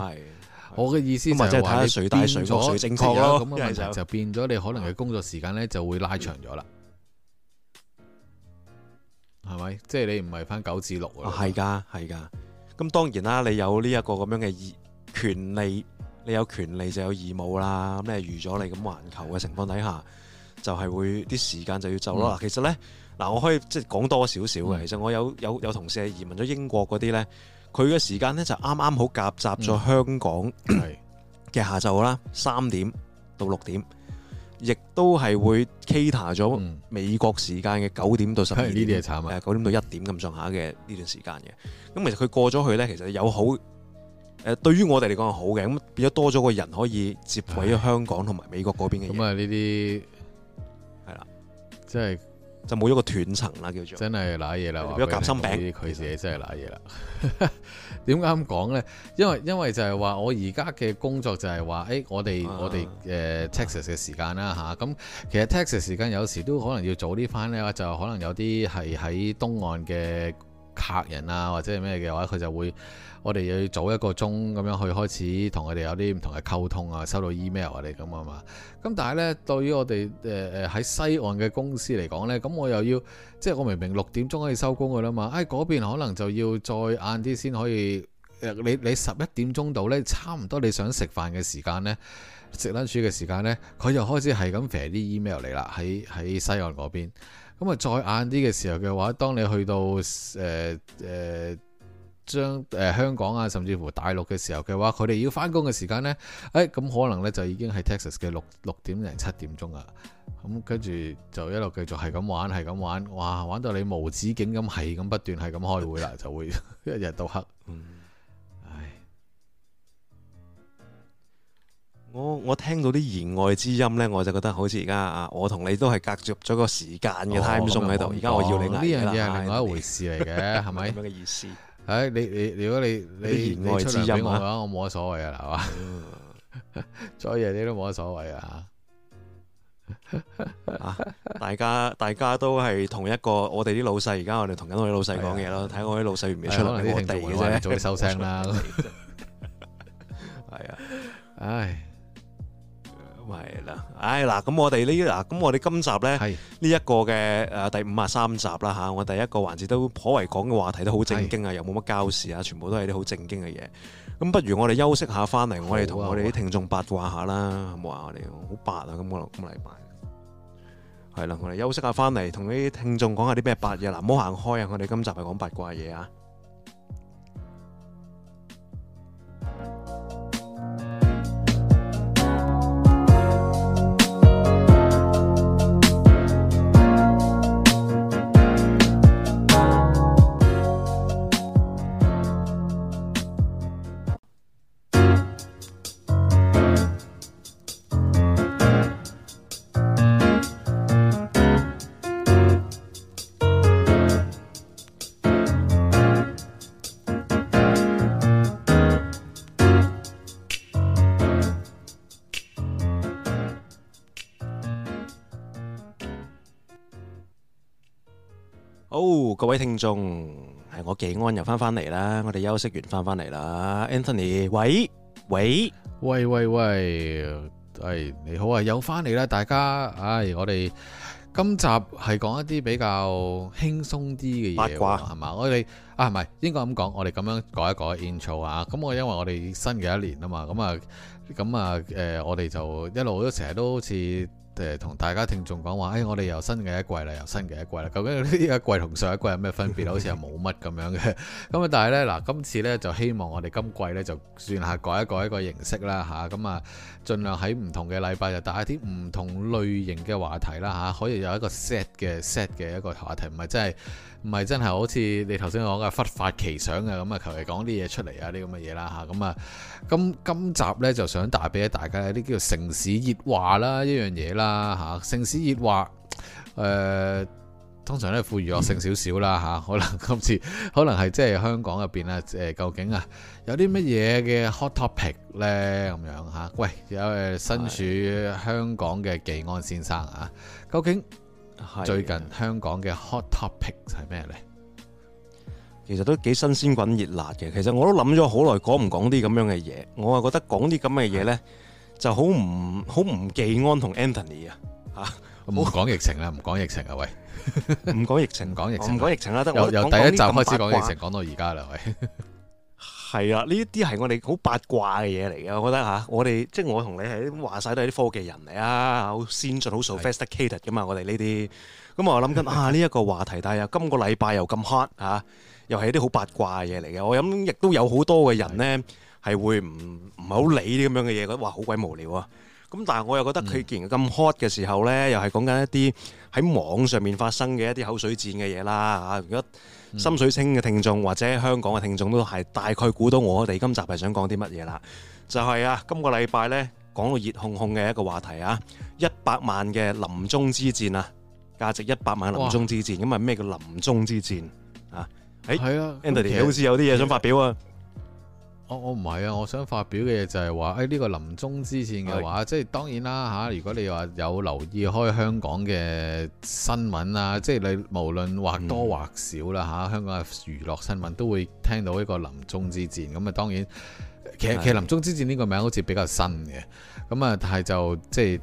我嘅意思咪，即係話你變水正確咯，咁其實就變咗你可能嘅工作時間咧就會拉長咗啦，係咪？即係你唔係返九至六啊？係噶，係噶。咁當然啦，你有呢一個咁樣嘅義權利，你有權利就有義務啦。咩咧預咗你咁環球嘅情況底下，就係、是、會啲時間就要走咯。嗯、其實呢，嗱，我可以即係講多少少嘅。嗯、其實我有有有同事係移民咗英國嗰啲呢，佢嘅時間呢就啱啱好夾雜咗香港嘅下晝啦，三點到六點。亦都係會 cater 咗美國時間嘅九點到十二點呢啲係慘啊！九、呃、點到一點咁上下嘅呢段時間嘅。咁、嗯嗯、其實佢過咗去咧，其實有好誒、呃，對於我哋嚟講係好嘅。咁變咗多咗個人可以接軌香港同埋美國嗰邊嘅。咁啊呢啲係啦，即係。了就冇一個斷層啦，叫做真係瀨嘢啦，如果夾心餅，佢自己，實真係瀨嘢啦。點解咁講呢？因為因為就係話我而家嘅工作就係話，誒、欸、我哋、啊、我哋誒、呃啊、Texas 嘅時間啦嚇。咁、啊、其實 Texas 時間有時都可能要早啲返呢，就可能有啲係喺東岸嘅客人啊，或者係咩嘅話，佢就會。我哋要早一個鐘咁樣去開始同佢哋有啲唔同嘅溝通啊，收到 email 啊，你咁啊嘛。咁但係呢，對於我哋誒誒喺西岸嘅公司嚟講呢，咁我又要即係我明明六點鐘可以收工㗎啦嘛。哎，嗰邊可能就要再晏啲先可以誒，你你十一點鐘到呢，差唔多你想食飯嘅時間呢，食晏晝嘅時間呢，佢又開始係咁飛啲 email 嚟啦，喺喺西岸嗰邊。咁啊，再晏啲嘅時候嘅話，當你去到誒誒。呃呃將誒、呃、香港啊，甚至乎大陸嘅時候嘅話，佢哋要翻工嘅時間呢，誒咁、嗯、可能呢就已經係 Texas 嘅六六點零七點鐘啦，咁跟住就一路繼續係咁玩，係咁玩，哇！玩到你無止境咁係咁不斷係咁開會啦，就會一日到黑、嗯。唉，我我聽到啲言外之音呢，我就覺得好似而家啊，我同你都係隔住咗個時間嘅 time 喺度，而家、哦、我要你捱呢、哦、樣嘢係另外一回事嚟嘅，係咪咁嘅意思？唉、哎，你你如果你你言外之音，你出字俾我嘅話，我冇乜、嗯、 所謂啊，係嘛，再嘢你都冇乜所謂啊，啊，大家大家都係同一個，我哋啲老細而家我哋同緊、啊、我啲老細講嘢咯，睇我啲老細唔咪出嚟我地嘅啫，早收聲啦，係啊，唉。係啦，唉嗱，咁我哋呢嗱，咁我哋今集咧呢的一,一個嘅誒、呃、第五十三集啦吓，我第一個環節都頗為講嘅話題都好正經啊，的又冇乜交士啊，全部都係啲好正經嘅嘢。咁不如我哋休息下翻嚟，我哋同我哋啲聽眾八卦下啦，冇嘛、啊啊？我哋好八啊，咁個咁個禮拜，係啦，我哋休息下翻嚟，同啲聽眾講下啲咩八嘢啦，唔好行開啊！我哋今集係講八卦嘢啊。各位聽眾，係我技安又翻翻嚟啦，我哋休息完翻翻嚟啦。Anthony，喂喂喂喂喂，係你好啊，又翻嚟啦，大家，唉，我哋今集係講一啲比較輕鬆啲嘅嘢，係嘛？我哋啊，唔係應該咁講，我哋咁樣改一改 intro 啊。咁我因為我哋新嘅一年啊嘛，咁啊，咁啊，誒，我哋就一路都成日都好似。呃、同大家聽眾講話，誒、哎、我哋又新嘅一季啦，又新嘅一季啦。究竟呢一季同上一季有咩分別？ 好似係冇乜咁樣嘅。咁啊，但係呢，嗱，今次呢就希望我哋今季呢，就算下改一改一個形式啦，吓，咁啊，儘量喺唔同嘅禮拜就帶一啲唔同類型嘅話題啦，吓、啊，可以有一個 set 嘅 set 嘅一個話題，唔係真係唔係真係好似你頭先講嘅忽發奇想嘅咁啊，求其講啲嘢出嚟啊，啲咁嘅嘢啦嚇咁啊，今今集呢，就想帶俾大家一啲叫城市熱話啦一樣嘢啦嚇，城市熱話誒、呃、通常咧富娛樂性少少啦嚇，可能今次可能係即係香港入邊啊誒，究竟啊有啲乜嘢嘅 hot topic 呢？咁樣嚇、啊？喂，有誒身處香港嘅紀安先生啊，究竟？最近香港嘅 hot topic 係咩呢？其實都幾新鮮滾熱辣嘅。其實我都諗咗好耐，講唔講啲咁樣嘅嘢？我啊覺得講啲咁嘅嘢呢，就好唔好唔忌安同 Anthony 啊吓。冇講疫情啦，唔講疫情啊，喂！唔講疫情，講 疫情，講疫情啦。 由說由第一集開始講疫情，講到而家啦，喂！ 係啊，呢啲係我哋好八卦嘅嘢嚟嘅，我覺得吓、啊，我哋即係我同你係話晒都係啲科技人嚟啊，好先進，好 sophisticated 噶嘛，的我哋呢啲，咁我諗緊的啊呢一個話題，但係又今個禮拜又咁 hot 嚇，又係啲好八卦嘅嘢嚟嘅，我諗亦都有好多嘅人咧，係的會唔唔好理啲咁樣嘅嘢，覺得哇，好鬼無聊啊！咁但係我又覺得佢既然咁 hot 嘅時候呢，又係講緊一啲喺網上面發生嘅一啲口水戰嘅嘢啦嚇。如果心水清嘅聽眾或者香港嘅聽眾都係大概估到我哋今集係想講啲乜嘢啦。就係啊，今個禮拜呢講到熱烘烘嘅一個話題啊，一百萬嘅林鍾一戰啊，價值一百萬嘅林鍾一戰。咁啊咩叫林鍾一戰啊？哎，Andy 好似有啲嘢想發表啊！我我唔係啊！我想發表嘅嘢就係話，誒、哎、呢、這個林鍾一戰嘅話，的即係當然啦、啊、嚇。如果你話有留意開香港嘅新聞啊，即係你無論或多或少啦嚇、嗯啊，香港嘅娛樂新聞都會聽到呢個林鍾一戰。咁、嗯、啊，當然，其實其實林鍾一戰呢個名好似比較新嘅，咁啊，但係就即係誒、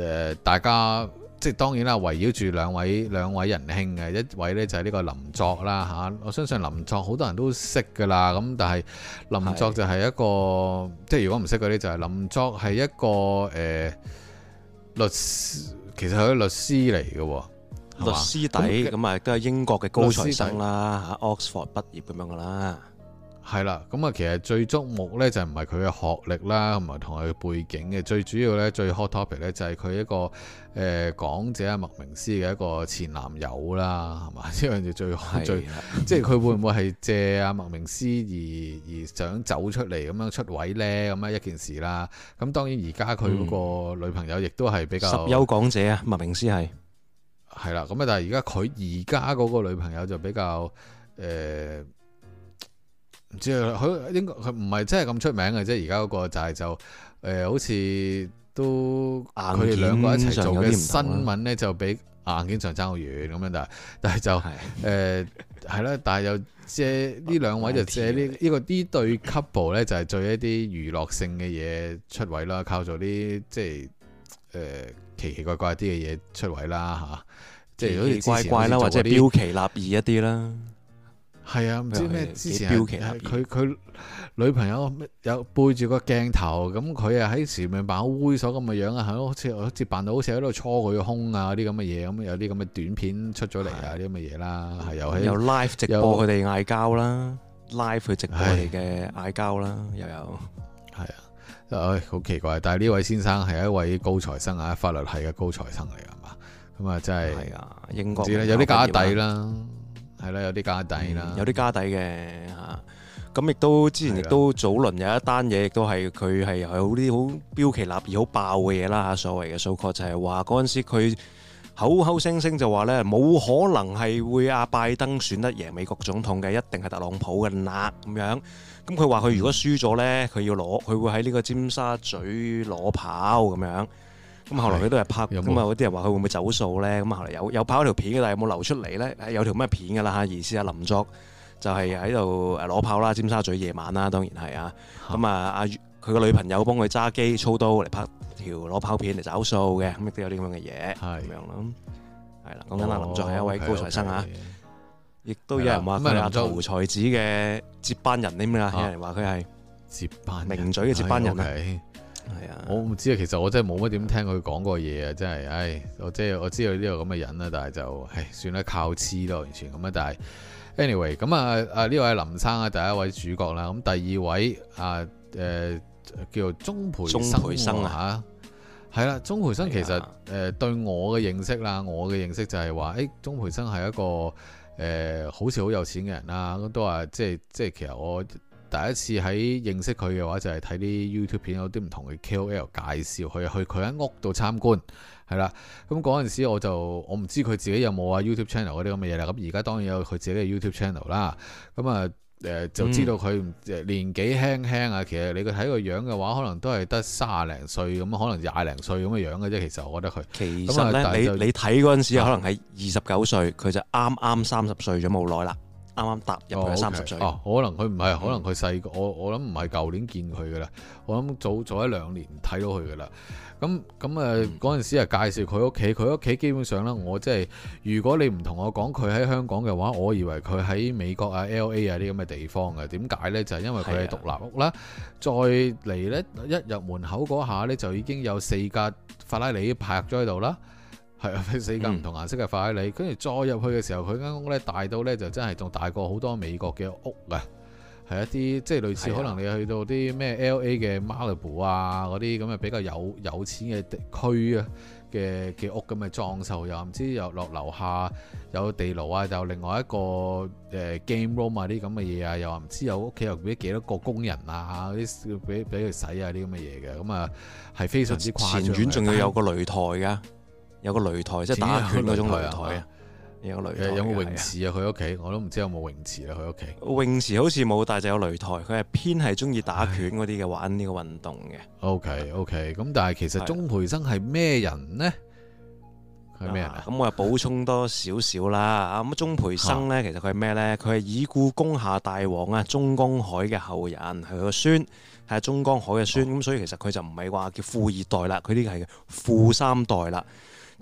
呃、大家。即係當然啦，圍繞住兩位兩位仁兄嘅一位咧就係、是、呢個林作啦嚇、啊，我相信林作好多人都識㗎啦，咁但係林作就係一個是即係如果唔識嗰啲就係、是、林作係一個誒、呃、律師，其實係一個律師嚟嘅，律師底咁啊都係英國嘅高材生啦嚇、啊、Oxford 畢業咁樣㗎啦。係啦，咁啊，其實最觸目咧就唔係佢嘅學歷啦，同埋同佢背景嘅，最主要咧最 hot topic 咧就係佢一個誒港姐啊，麥、呃、明詩嘅一個前男友啦，係嘛？呢樣嘢最的最的即係佢會唔會係借阿麥明詩而 而想走出嚟咁樣出位咧？咁樣一件事啦，咁當然而家佢嗰個女朋友亦都係比較、嗯、十優港姐啊，麥明詩係係啦，咁啊，但係而家佢而家嗰個女朋友就比較誒。呃唔知啊，佢應該佢唔係真係咁出名嘅啫。而家嗰個就係、係、就誒、呃，好似都佢哋兩個一齊做嘅新聞咧，就比硬件上爭好、啊、遠咁樣。但係但係就誒係啦。但係、呃、 又借呢兩位就借呢呢這、呢個呢對 couple 咧，就係做一啲娛樂性嘅嘢出位啦。靠做啲即係誒奇奇怪怪啲嘅嘢出位啦吓，即、啊、係奇奇怪怪啦，或者標奇立異一啲啦。係啊，唔知咩之前係佢佢女朋友有背住個鏡頭，咁佢啊喺前面扮好猥瑣咁嘅樣啊，係咯，好似好似扮到好似喺度搓佢個胸啊，啲咁嘅嘢，咁有啲咁嘅短片出咗嚟啊，啲咁嘅嘢啦，係又有又 live 直播佢哋嗌交啦，live 去直播佢哋嘅嗌交啦，啊、又有，係啊，好、哎、奇怪，但係呢位先生係一位高材生啊，法律系嘅高材生嚟啊嘛，咁啊真係，係啊，應該知啦，有啲家底啦。係啦，有啲家底啦，嗯、有啲家底嘅嚇。咁、啊、亦都之前亦都的早輪有一單嘢，亦都係佢係有啲好標奇立異、好爆嘅嘢啦嚇。所謂嘅訴訟就係話嗰陣時佢口口聲聲就話呢冇可能係會阿拜登選得贏美國總統嘅，一定係特朗普嘅嗱咁樣。咁佢話佢如果輸咗呢，佢、嗯、要攞，佢會喺呢個尖沙咀攞跑咁樣。咁後來佢都係拍，咁啊啲人話佢會唔會走數咧？咁啊後來有又拍咗條片，但係有冇流出嚟咧？有條咩片嘅啦嚇？意思阿林作就係喺度攞炮啦，尖沙咀夜晚啦，當然係是啊。咁啊，佢個女朋友幫佢揸機操刀嚟拍條攞炮片嚟走數嘅，咁亦都有啲咁是樣嘅嘢，咁樣咯。係啦，講緊阿林作係一位高材生啊，亦都、哦 okay。有人話佢係阿陶才子嘅接班人啲咩啊？有人話佢係接名嘴嘅接班人，啊接班人係啊，我唔知啊，其實我真係冇乜點聽佢講過嘢啊，真係，唉，我即係我知道呢個咁嘅人啦，但係就，唉，算啦，靠黐咯，完全咁啊，但係，anyway，咁啊，啊呢位林生啊，第一位主角啦，咁第二位啊，誒、呃，叫做鍾培生、鍾培生、啊，吓、啊，係啦、啊，鍾培生其實誒、啊呃、對我嘅認識啦，我嘅認識就係話，誒、哎，鍾培生係一個誒、呃、好似好有錢嘅人啦，咁都話即係即係其實我。第一次喺認識佢嘅話，就係睇啲 YouTube 片，有啲唔同嘅 KOL 介紹佢，去佢喺屋度參觀，係啦。咁嗰陣時我就我唔知佢自己有冇啊 YouTube channel 嗰啲咁嘅嘢啦。咁而家當然有佢自己嘅 YouTube channel 啦。咁啊誒，就知道佢年紀輕輕啊，嗯、其實你個睇個樣嘅話，可能都係得三廿零歲咁，可能廿零歲咁嘅樣嘅啫。其實我覺得佢其實你睇嗰陣時可能係二十九歲，佢、啊、就啱啱三十歲咗冇耐啦。啱啱踏入三十歲哦，可能佢唔係，可能佢細個。我我諗唔係舊年見佢噶啦，我諗早早一兩年睇到佢噶啦。咁咁誒，嗰陣、嗯、時係介紹佢屋企，佢屋企基本上呢、就是，我即係如果你唔同我講佢喺香港嘅話，我以為佢喺美國啊、LA 啊啲咁嘅地方嘅、啊。點解呢？就係、是、因為佢係獨立屋啦。的再嚟呢，一入門口嗰下呢，就已經有四架法拉利泊咗喺度啦。係啊，四間唔同顏色嘅法拉利，跟住、嗯、再入去嘅時候，佢間屋咧大到咧就真係仲大過好多美國嘅屋啊！係一啲即係類似，可能你去到啲咩 L.A. 嘅 Malibu 啊嗰啲咁嘅比較有有錢嘅地區啊嘅嘅屋咁嘅裝修，又唔知又落樓下有地牢啊，又另外一個誒、呃、game room 啊啲咁嘅嘢啊，又話唔知有屋企又俾幾多個工人啊嗰啲俾俾佢使啊啲咁嘅嘢嘅，咁啊係非常之誇張。前院仲要有個擂台㗎。有個擂台，即係打拳嗰種擂台啊！有擂，有冇泳池啊？佢屋企我都唔知有冇泳池啦、啊。佢屋企泳池好似冇，但就有擂台。佢係偏係中意打拳嗰啲嘅，唉玩呢個運動嘅。OK OK，咁但係其實鍾培生係咩人咧？係咩了人啊？咁我又補充多少少啦。咁鍾培生呢，其實佢係咩呢？佢係已故宮下大王啊，鍾江海嘅後人，佢個孫係鍾江海嘅孫。咁、嗯、所以其實佢就唔係話叫富二代啦，佢呢個係富三代啦。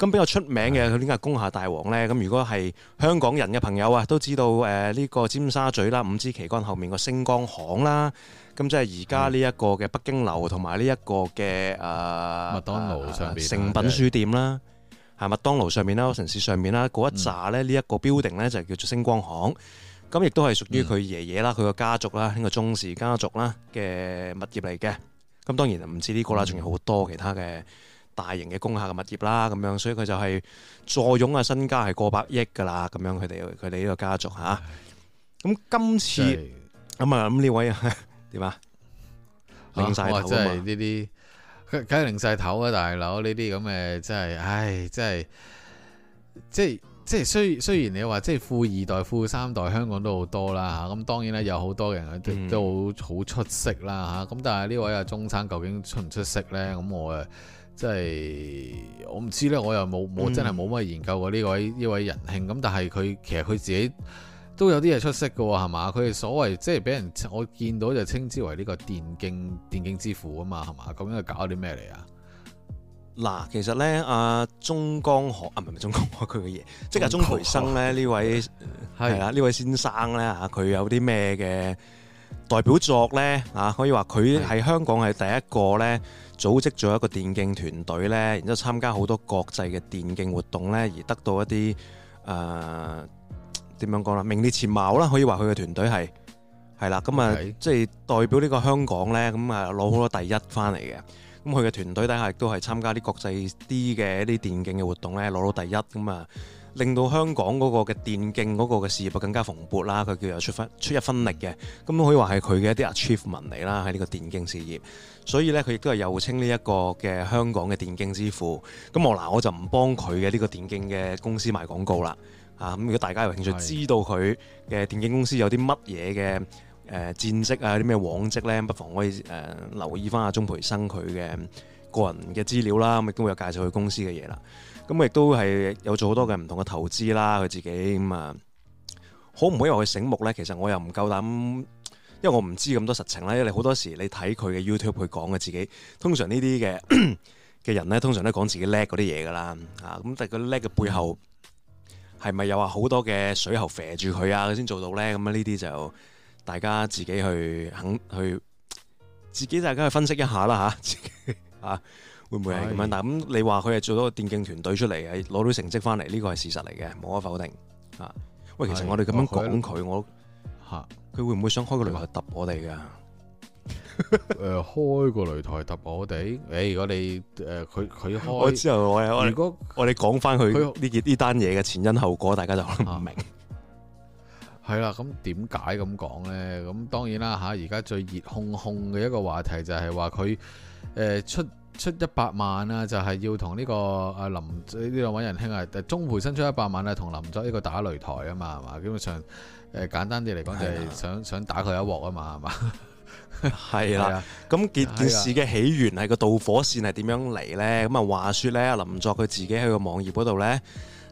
咁比較出名嘅佢點解係工廈大王呢？咁如果係香港人嘅朋友啊，都知道誒呢、呃這個尖沙咀啦、五支旗桿後面個星光行啦，咁即係而家呢一個嘅北京樓同埋呢一個嘅誒麥當勞上邊誠品書店啦，係、啊、麥當勞上面啦、啊是、城市上面啦嗰一紮呢，呢一個 building 咧就叫做星光行。咁亦都係屬於佢爺爺啦、佢個、嗯、家族啦、呢個鍾氏家族啦嘅物業嚟嘅。咁當然唔止呢個啦，仲有好多其他嘅。大型嘅工廈嘅物業啦，咁樣，所以佢就係坐擁啊，身家係過百億噶啦，咁樣佢哋佢哋呢個家族吓。咁、啊、今次咁、就是、啊，咁呢位點、哎、啊？擰晒頭啊！真係呢啲，梗係擰晒頭啊！大佬呢啲咁嘅，即係，唉，真係，即係即係，雖雖然你話即係富二代、富三代，香港都好多啦吓。咁、啊、當然咧，有好多嘅人都好好、嗯、出色啦吓。咁但係呢位啊，位鍾生究竟出唔出色咧？咁我啊～即係我唔知咧，我又冇冇真係冇乜研究過呢位呢、嗯、位仁兄咁，但係佢其實佢自己都有啲嘢出色噶喎，係嘛？佢所謂即係俾人我見到就稱之為呢個電競電競之父啊嘛，係嘛？咁樣搞啲咩嚟啊？嗱，其實咧阿鍾江河啊，唔係唔係鍾江河佢嘅爺，即係鍾培生咧呢的位係啦，呢的的位先生咧吓，佢有啲咩嘅代表作咧啊？可以話佢係香港係第一個咧。的的組織咗一個電競團隊呢，然之後參加好多國際嘅電競活動呢，而得到一啲誒點樣講啦，名列前茅啦，可以話佢嘅團隊係係啦，咁啊 Okay.、嗯、即係代表呢個香港呢，咁啊攞好多第一翻嚟嘅。咁佢嘅團隊底下亦都係參加啲國際啲嘅一啲電競嘅活動呢，攞到第一咁啊！嗯令到香港嗰個嘅電競嗰個嘅事業更加蓬勃啦，佢叫有出分出一分力嘅，咁可以話係佢嘅一啲 achievement 嚟啦，喺呢個電競事業。所以咧，佢亦都係又稱呢一個嘅香港嘅電競之父。咁我嗱，我就唔幫佢嘅呢個電競嘅公司賣廣告啦。啊，咁如果大家有興趣是的 知道佢嘅電競公司有啲乜嘢嘅誒戰績啊，啲咩往績咧，不妨可以誒、呃、留意翻阿鍾培生佢嘅個人嘅資料啦。咁亦都會有介紹佢公司嘅嘢啦。咁亦、嗯、都係有做好多嘅唔同嘅投資啦，佢自己咁啊，可唔可以話佢醒目呢？其實我又唔夠膽，因為我唔知咁多實情咧。因為好多時你睇佢嘅 YouTube 佢講嘅自己，通常呢啲嘅嘅人呢，通常都講自己叻嗰啲嘢噶啦。啊，咁但係佢叻嘅背後係咪有話好多嘅水喉肥住佢啊？佢先做到咧？咁、嗯、啊，呢、嗯、啲就大家自己去肯去自己大家去分析一下啦嚇，啊！會唔會係咁樣？是的 但係咁你話佢係做咗個電競團隊出嚟，係攞到成績翻嚟，呢個係事實嚟嘅，冇可否定。啊，是的 喂，其實我哋咁樣講佢，啊、我吓佢會唔會想開個擂台揼我哋噶？誒的、 呃，開個擂台揼我哋？誒、欸，如果你誒，佢、呃、佢開之後我，我哋如果我哋講翻佢呢件呢單嘢嘅前因後果，他大家就可能唔明。係啦，咁點解咁講咧？咁當然啦，吓而家最熱烘烘嘅一個話題就係話佢誒出。出一百萬啊，就係要同呢個阿林呢呢兩位仁兄啊，誒，鍾培生出一百萬啊，同林作呢個打擂台啊嘛，係嘛，基本上誒簡單啲嚟講就係想、啊、想，想打佢一鑊啊嘛，係嘛，係啦、啊，咁件事嘅起源係個導火線係點樣嚟呢？咁啊，話說咧，林作佢自己喺個網頁嗰度呢。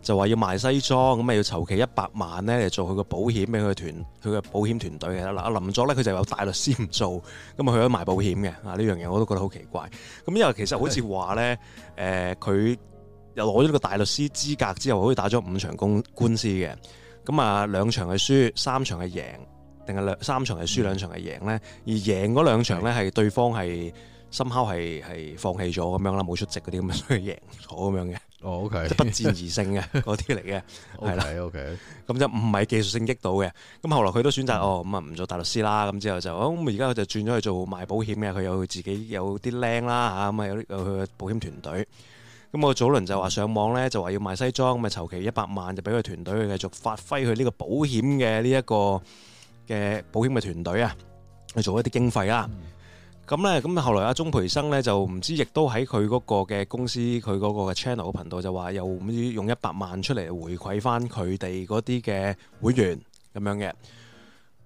就話要賣西裝咁啊，要籌期一百萬咧嚟做佢個保險俾佢團佢個保險團隊嘅啦。嗱，阿林作咧佢就有大律師唔做，咁啊去咗賣保險嘅。嗯、啊呢樣嘢我都覺得好奇怪。咁因為其實好似話咧，誒佢又攞咗個大律師資格之後，好似打咗五場公官司嘅。咁啊兩場係輸，三場係贏，定係兩三場係輸兩場係贏咧？嗯、而贏嗰兩場咧係是對方係 somehow 係係放棄咗咁樣啦，冇出席嗰啲咁啊，所以贏咗咁樣嘅。哦、oh,，OK，即不戰而勝嘅嗰啲嚟嘅，係啦 ，OK，咁 okay. 就唔係技術性擊到嘅，咁後來佢都選擇、嗯、哦，咁啊唔做大律師啦，咁之後就，咁而家佢就轉咗去做賣保險嘅，佢有自己有啲靚啦吓，咁啊有啲有佢嘅保險團隊，咁我早輪就話上網咧，就話要賣西裝，咁啊籌期一百萬就俾佢團隊去繼續發揮佢呢個保險嘅呢一個嘅保險嘅團隊啊，去做一啲經費啦。嗯咁咧，咁後來阿鍾培生咧就唔知，亦都喺佢嗰個嘅公司，佢嗰個嘅 channel 嘅頻道就話又唔知用一百萬出嚟回饋翻佢哋嗰啲嘅會員咁樣嘅。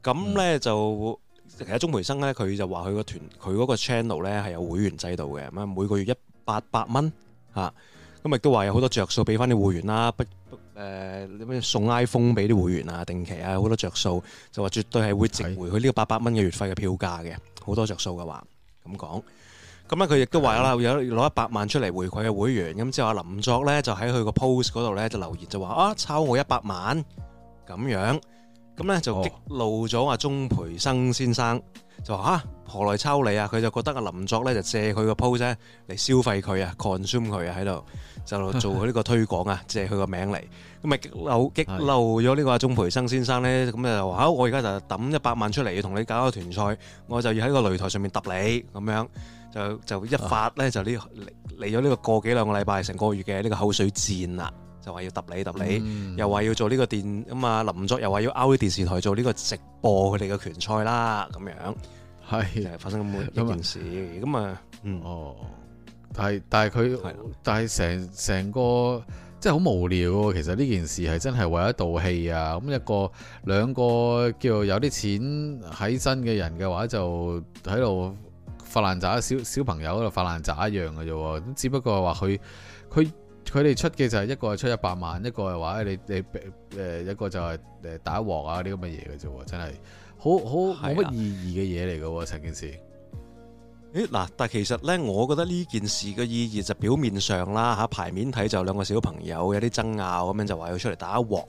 咁咧就、嗯、其實鍾培生咧，佢就話佢個團佢嗰個 channel 咧係有會員制度嘅，咁啊每個月100、啊、一百八蚊嚇，咁亦都話有好多着數俾翻啲會員啦，不、呃、不送 iPhone 俾啲會員啊，定期啊好多着數，就話絕對係會值回佢呢個八百蚊嘅月費嘅票價嘅，係嘅好多着數嘅話。咁講，咁咧佢亦都話啦，有攞一百萬出嚟回饋嘅會員，咁、嗯、之後阿林作咧就喺佢個 post 嗰度咧就留言就話啊，抽我一百萬咁樣，咁咧就激怒咗阿鍾培生先生，就話啊，何來抽你啊？佢就覺得阿林作咧就借佢個 post 咧嚟消費佢啊，consume 佢啊喺度。就做佢呢個推廣啊，借佢個名嚟，咁咪激嬲激嬲咗呢個阿鍾培生先生咧，咁就話，我而家就抌一百萬出嚟要同你搞個團賽，我就要喺個擂台上面揼你，咁樣就就一發咧就呢嚟嚟咗呢個個幾兩個禮拜，成個月嘅呢個口水戰啦，就話要揼你揼你，又話要做呢個電咁啊林作，又話要 out 啲電視台做呢個直播佢哋嘅拳賽啦，咁樣係就係發生咁一件事，咁啊，嗯哦。但係的但係佢，但係成成個即係好無聊喎。其實呢件事係真係為一道氣啊，咁一個兩個叫做有啲錢喺身嘅人嘅話，就喺度發爛渣，小小朋友喺度發爛渣一樣㗎啫。只不過話佢佢佢哋出嘅就係一個係出一百萬，一個係話你你誒一個就係誒打鑊啊啲咁嘅嘢嘅啫，真係好好冇乜意義嘅嘢嚟㗎喎，成件事。誒，嗱，但係其實咧，我覺得呢件事嘅意義就表面上啦，吓排面睇就兩個小朋友有啲爭拗咁樣，就話要出嚟打一鑊。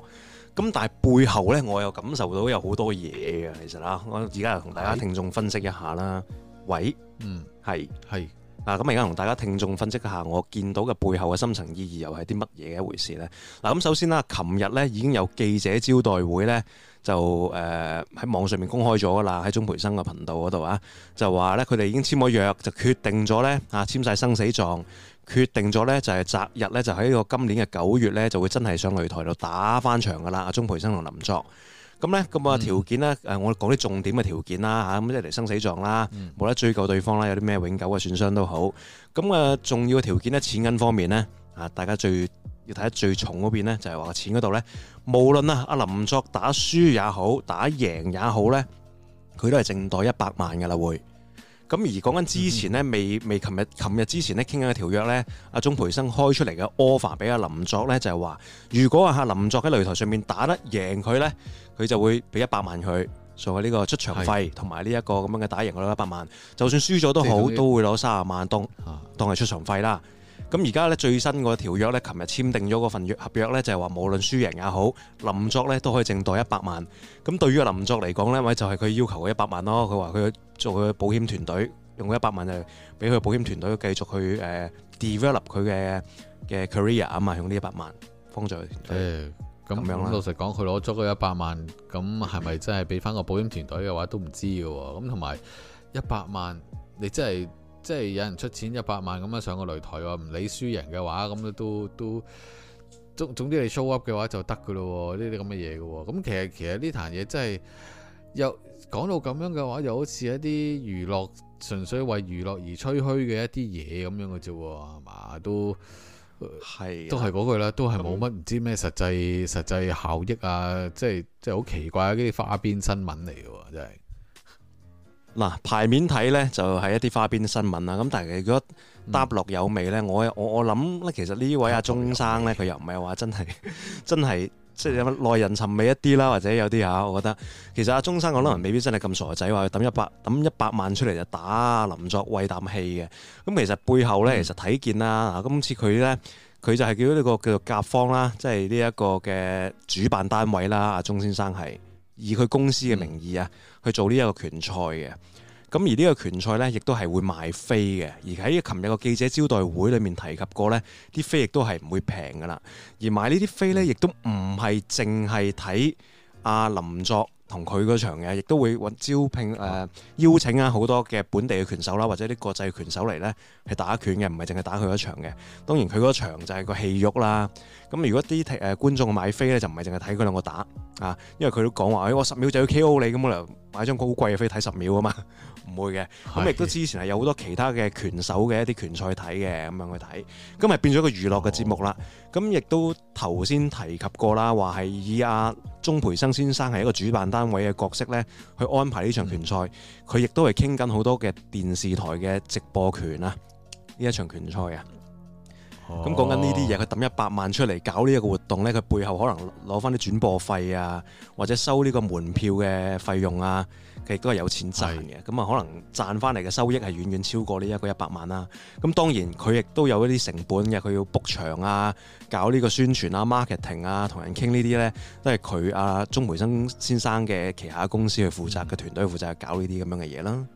咁但係背後咧，我又感受到有好多嘢嘅，其實啦，我而家又同大家聽眾分析一下啦。是喂，嗯，係係是。嗱，咁而家同大家聽眾分析一下，我見到嘅背後嘅深層意義又係啲乜嘢一回事呢？嗱、啊，咁首先啦，琴日呢已經有記者招待會呢，就誒喺、呃、網上面公開咗啦，喺鍾培生嘅頻道嗰度啊，就話呢，佢哋已經簽咗約，就決定咗呢，啊，簽晒生死狀，決定咗呢，就係、是、擇日呢，就喺個今年嘅九月呢，就會真係上擂台度打翻場噶啦。鍾培生同林作。咁咧，咁啊條件咧，誒，我講啲重點嘅條件啦嚇，咁即係嚟生死狀啦，冇得追究對方啦，有啲咩永久嘅損傷都好。咁啊，重要嘅條件咧，錢銀方面咧，啊，大家最要睇得最重嗰邊咧，就係話錢嗰度咧，無論啊阿林作打輸也好，打贏也好咧，佢都係淨袋一百萬㗎喇會。咁而講緊之前咧，未未琴日琴日之前咧，傾緊嘅條約咧，阿鍾培生開出嚟嘅 offer 俾阿林作咧，就係話，如果阿林作喺擂台上面打得贏佢咧，佢就會俾一百萬佢，所謂呢個出場費，同埋呢一個咁樣嘅打贏攞一百萬，就算輸咗都好，的都會攞三十萬當當係出場費啦。咁而家咧最新個條約咧，琴日簽訂咗嗰份約合約咧，就係話無論輸贏也好，林作咧都可以淨袋一百萬。咁對於林作嚟講呢，咪就係、是、佢要求嘅一百萬咯。佢話佢做個保險團隊，用一百萬就俾佢保險團隊繼續去誒、uh, develop 佢嘅嘅 career 啊嘛，用呢一百萬方就誒咁。老實講，佢攞咗嗰一百萬，咁係咪真係俾翻個保險團隊嘅話都唔知嘅喎？咁同埋一百萬，你真係？即係有人出錢一百萬咁樣，上個擂台喎，唔理輸贏嘅話，咁都都總總之你 show up 嘅話就得㗎咯，呢啲咁嘅嘢嘅喎。咁其實其實呢壇嘢真係又講到咁樣嘅話，又好似一啲娛樂，純粹為娛樂而吹噓嘅一啲嘢咁樣嘅啫喎，係嘛、啊？都係、啊、都係嗰句啦，都係冇乜唔知咩實際實際效益啊！即係即係好奇怪啊！呢啲花邊新聞嚟嘅喎，真係。嗱，牌面睇呢，就係、是、一啲花邊新聞啦，咁但係如果答落有味呢，嗯、我我我諗其實呢位阿鍾生呢，佢又唔係話真係真係即係耐人尋味一啲啦，或者有啲嚇，我覺得其實阿鍾生可能未必真係咁傻仔，話抌一百抌一百萬出嚟就打林作慰啖氣嘅。咁其實背後呢，嗯、其實睇見啦，今次佢呢，佢就係叫呢、這個叫做甲方啦，即係呢一個嘅主辦單位啦，阿鍾先生係。以佢公司嘅名義啊，去做呢一個拳賽嘅。咁，而呢個拳賽咧，亦都係會賣飛嘅。而喺琴日個記者招待會裏面提及過咧，啲飛亦都係唔會平噶啦。而買呢啲飛咧，亦都唔係淨係睇阿林作。同佢嗰場嘅，亦都會揾招聘誒、呃、邀請啊好多嘅本地嘅拳手啦，或者啲國際拳手嚟咧係打拳嘅，唔係淨係打佢嗰場嘅。當然佢嗰場就係個戲肉啦。咁如果啲誒、呃、觀眾買飛咧，就唔係淨係睇佢兩個打啊，因為佢都講話誒，我十秒就要 KO 你咁，我嚟買張好貴嘅飛睇十秒啊嘛。唔會嘅，咁亦都之前係有好多其他嘅拳手嘅一啲拳賽睇嘅，咁樣去睇，咁係變咗一個娛樂嘅節目啦。咁亦都頭先提及過啦，話係以阿鍾培生先生係一個主辦單位嘅角色咧，去安排呢場拳賽。佢亦都係傾緊好多嘅電視台嘅直播權啊，呢一場拳賽啊。咁講緊呢啲嘢，佢抌一百萬出嚟搞呢一個活動咧，佢背後可能攞翻啲轉播費啊，或者收呢個門票嘅費用啊。佢亦都係有錢賺嘅，咁啊是可能賺翻嚟嘅收益係遠遠超過呢一個一百萬啦。咁當然佢亦都有一啲成本嘅，佢要 book 場啊、搞呢個宣傳啊、marketing 啊、同、啊、人傾呢啲咧，都係佢啊，鍾培生先生嘅旗下公司去負責嘅、嗯、團隊去負責搞呢啲咁樣嘅嘢啦。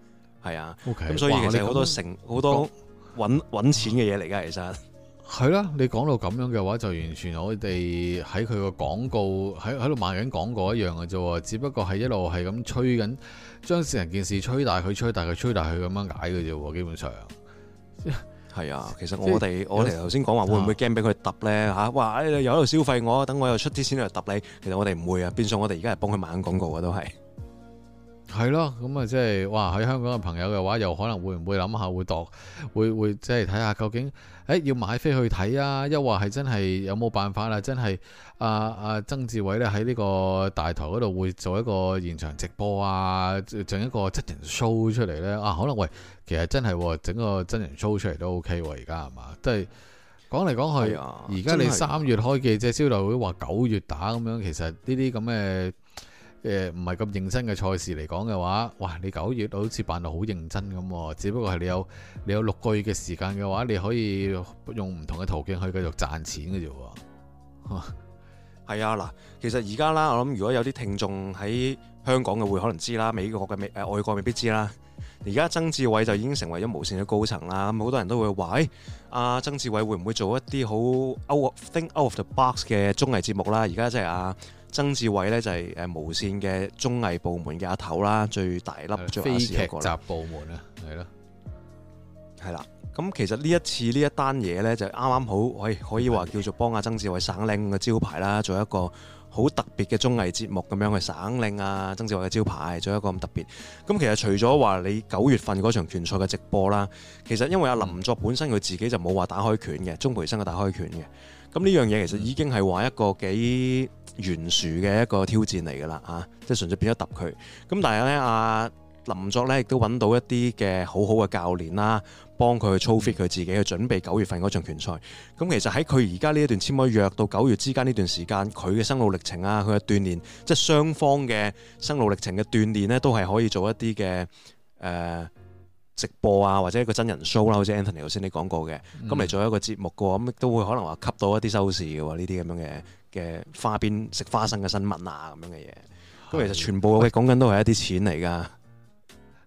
係啊，咁 Okay, 所以其實好多成好、這個、多揾揾錢嘅嘢嚟㗎，其實。係啦，你講到咁樣嘅話，就完全我哋喺佢個廣告喺喺度賣緊廣告一樣嘅啫喎，只不過係一路係咁吹緊，將成件事吹大佢，吹大佢，吹大佢咁樣解嘅啫喎，基本上係啊。其實我哋是我哋頭先講話會唔會驚俾佢揼咧吓？哇！你又喺度消費我，等我又出啲錢嚟揼你。其實我哋唔會啊，變相我哋而家係幫佢賣緊廣告嘅都係。係咯，咁啊，即係、就是、哇！喺香港嘅朋友嘅話，又可能會唔會諗下會度，會會即係睇下究竟，誒、欸、要買飛去睇啊？抑或係真係有冇辦法啦？真係啊啊！曾志偉咧喺呢個大台嗰度會做一個現場直播啊，做一個真人 show 出嚟呢。啊，可能喂，其實真係整個真人 show 出嚟都 OK 喎、啊，而家係嘛？即係、就是、講嚟講去，而家、哎、呀你三月開記者招待會話九月打咁樣，其實呢啲咁嘅。誒唔係咁認真嘅賽事嚟講嘅話，哇！你九月都好似辦到好認真咁喎，只不過係你有你有六個月嘅時間嘅話，你可以用唔同嘅途徑去繼續賺錢嘅啫喎。係 啊！嗱，其實而家啦，我諗如果有啲聽眾喺香港嘅會可能知啦，美國嘅美外國未必知啦。而家曾志偉就已經成為咗無線嘅高層啦，咁好多人都會話：誒、欸啊、曾志偉會唔會做一啲好 out of, think out of the box 嘅綜藝節目啦？而家即係啊。曾志偉呢就係誒無線嘅綜藝部門嘅阿頭啦，最大粒的最阿視一個劇集部門啊，係咯，係啦。咁其實呢一次呢一單嘢呢，就啱啱好，可以可以話叫做幫阿曾志偉省靚嘅招牌啦。做一個好特別嘅綜藝節目咁樣去省靚啊，曾志偉嘅招牌做一個咁特別。咁其實除咗話你九月份嗰場拳賽嘅直播啦，其實因為阿林作本身佢自己就冇話打開拳嘅，鍾、嗯、培生嘅打開拳嘅。咁呢樣嘢其實已經係話一個幾。懸殊嘅一個挑戰嚟㗎啦，啊，即係純粹變咗揼佢。咁但係咧，阿、啊、林作咧亦都揾到一啲嘅好好嘅教練啦、啊，幫佢去操 fit 佢自己去準備九月份嗰場拳賽。咁其實喺佢而家呢一段簽咗約到九月之間呢段時間，佢嘅生路歷程啊，佢嘅鍛鍊，即係雙方嘅生路歷程嘅鍛鍊咧，都係可以做一啲嘅誒直播啊，或者一個真人 show 啦，好似 Anthony 頭先你講過嘅，咁嚟做一個節目嘅、啊、話，咁、嗯、亦都會可能話吸到一啲收視嘅喎，呢啲咁樣嘅。嘅花邊食花生嘅新聞啊，咁樣嘅嘢，咁其實全部我哋講緊都係一啲錢嚟噶。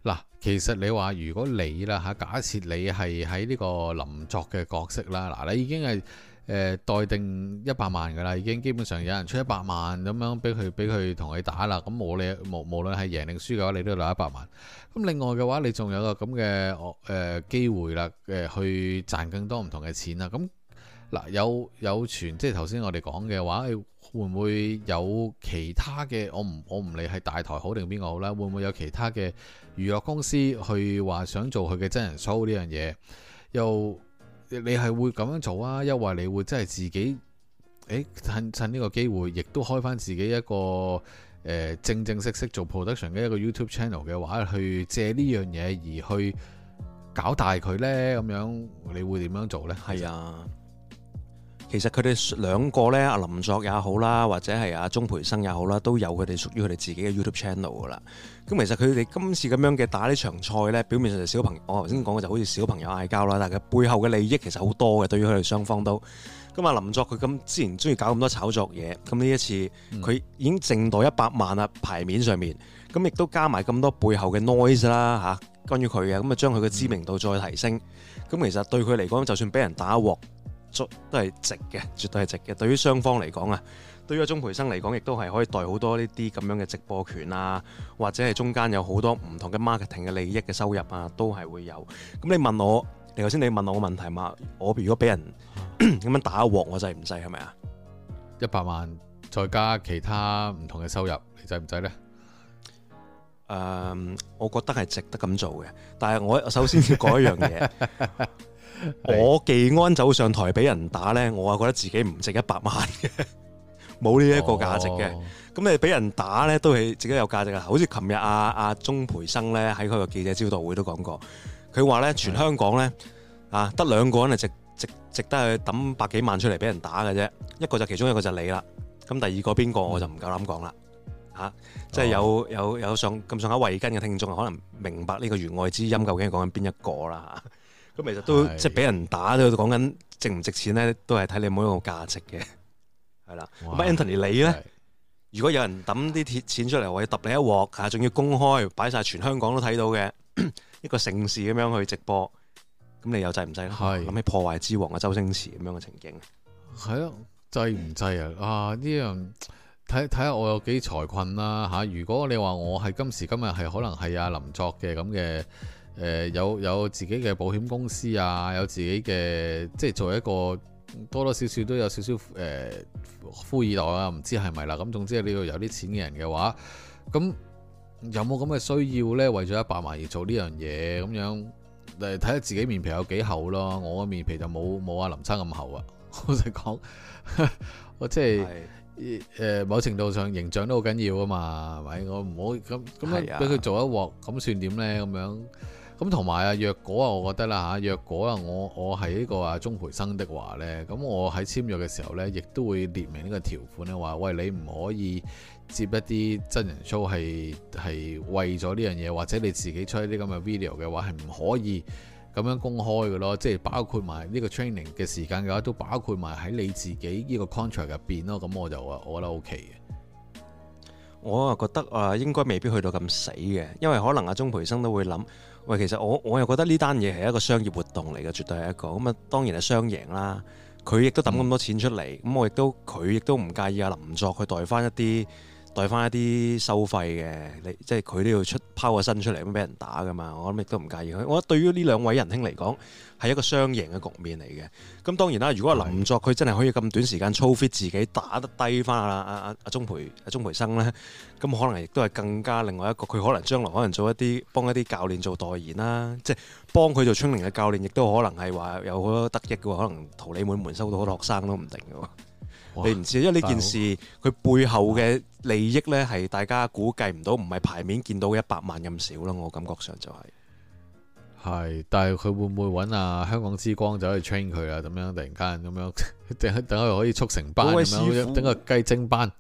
嗱，其實你話如果你啦嚇，假設你係喺呢個林作嘅角色啦，嗱，你已經係誒待定一百萬噶啦，已經基本上有人出一百萬咁樣俾佢俾佢同佢打啦，咁我你無無論係贏定輸嘅話，你都要攞一百萬。咁另外嘅話，你仲有個咁嘅誒機會啦，誒去賺更多唔同嘅錢啦，咁。嗱，有有傳即係頭先我哋講嘅話，誒會唔會有其他嘅？我唔我唔理係大台好定邊個好啦。會唔會有其他嘅娛樂公司去話想做佢嘅真人 show 呢樣嘢？又你係會咁樣做啊？又話你會真係自己誒、欸、趁趁呢個機會，亦都開翻自己一個誒、呃、正正式式做 production 嘅一個 YouTube channel 嘅話，去借呢樣嘢而去搞大佢呢？咁樣，你會點樣做呢？係啊。其實佢哋兩個呢，阿林作也好啦，或者係阿鍾培生也好啦，都有佢哋屬於佢哋自己嘅 YouTube channel 噶啦。咁其實佢哋今次咁樣嘅打呢場賽呢，表面上就小朋友我頭先講嘅就好似小朋友嗌交啦，但係佢背後嘅利益其實好多嘅，對於佢哋雙方都。咁阿林作佢咁之前中意搞咁多炒作嘢，咁呢一次佢已經淨袋一百萬啦，牌面上面，咁亦都加埋咁多背後嘅 noise 啦吓，關於佢嘅，咁啊將佢嘅知名度再提升。咁其實對佢嚟講，就算俾人打一鑊，都係值嘅，絕對係值嘅。對於雙方嚟講啊，對於鍾培生嚟講，亦都係可以帶好多呢啲咁樣嘅直播權啊，或者係中間有好多唔同嘅 marketing 嘅利益嘅收入啊，都係會有。咁你問我，你頭先你問我個問題嘛？我如果俾人咁 樣打一鑊，我制唔制係咪啊？一百萬再加其他唔同嘅收入，你制唔制呢？誒，um, 我覺得係值得咁做嘅，但係我首先要講一樣嘢。 我技安走上台俾人打咧，我啊覺得自己唔值一百萬嘅，冇呢一個價值嘅。咁你俾人打咧，都係自己有價值嘅。好似琴日阿阿鍾培生咧，喺佢個記者招待會都講過，佢話咧，全香港咧啊，得兩個人係值值值得去抌百幾萬出嚟俾人打嘅啫，一個就其中一個就係你啦，咁第二個邊個我就唔夠膽講啦。吓、嗯，啊、即係有有有，有上咁上下慧根嘅聽眾，可能明白呢個弦外之音究竟係講緊邊一個啦。咁其實都是即係俾人打都講緊值唔值錢咧，都係睇你冇一個價值嘅，係 啦的。乜 Anthony 你咧？呢的如果有人抌啲鐵錢出嚟或者揼你一鑊，嚇仲要公開擺晒全香港都睇到嘅 一個盛事咁樣去直播，咁你又制唔制咧？諗起破壞之王啊，周星馳咁樣嘅情景。係咯，制唔制啊？啊呢樣睇睇下我有幾財困啦嚇。如果你話我係今時今日係可能係阿林作嘅咁嘅。誒、呃，有有自己嘅保險公司啊，有自己嘅即係做一個多多少少都有少少誒富二代啊，唔、呃、知係咪啦？咁總之你要有啲錢嘅人嘅話，咁有冇咁嘅需要咧？為咗一百萬而做呢樣嘢咁樣，誒睇下自己面皮有幾厚咯。我嘅面皮就冇冇阿林生咁厚啊。 我成講的，的 我即係誒、呃、某程度上形象都好緊要啊嘛，係咪？我唔好咁咁樣俾佢做一鑊，咁算點咧？咁樣。咁同埋啊，若果啊，我覺得啦嚇，若果啊，我我係呢個啊鐘培生的話呢，咁我喺簽約嘅時候呢，亦都會列明呢個條款咧，話喂你唔可以接一啲真人 s h 操，係係為咗呢樣嘢，或者你自己出一啲咁嘅 video 嘅話，係唔可以咁樣公開嘅咯。即係包括埋呢個 training 嘅時間嘅話，都包括埋喺你自己呢個 contract 入邊咯。咁我就啊，我覺得 OK 嘅。我啊覺得啊，應該未必去到咁死嘅，因為可能阿鍾培生都會諗。喂，其實我我又覺得呢單嘢係一個商業活動嚟嘅，絕對係一個。咁啊，當然係雙贏啦。佢亦都抌咁多錢出嚟，咁、嗯、我亦都，佢亦都唔介意阿、啊、林作去代返一啲。代翻一啲收費嘅。你即係佢都要出拋個身出嚟咁俾人打噶嘛，我諗亦都唔介意佢。我覺得對於呢兩位仁兄嚟講係一個雙贏嘅局面嚟嘅。咁當然啦、啊，如果林作佢真係可以咁短時間操 fit 自己打得低翻阿阿阿阿鍾培阿鍾、啊、培生咧，咁可能亦都係更加另外一個。佢可能將來可能做一啲幫一啲教練做代言啦，即係幫佢做聰明嘅教練，亦都可能係話有好多得益嘅喎。可能桃李滿門收到好多學生都唔定嘅喎。哇你唔知，因為呢件事佢是背後嘅利益呢，係大家估計唔到，唔係牌面見到一百萬咁少啦。我感覺上就係、是、係，但係佢會唔會揾啊香港之光就可以 train 佢啊？咁樣突然間咁樣，等佢可以速成班咁樣，等個雞精班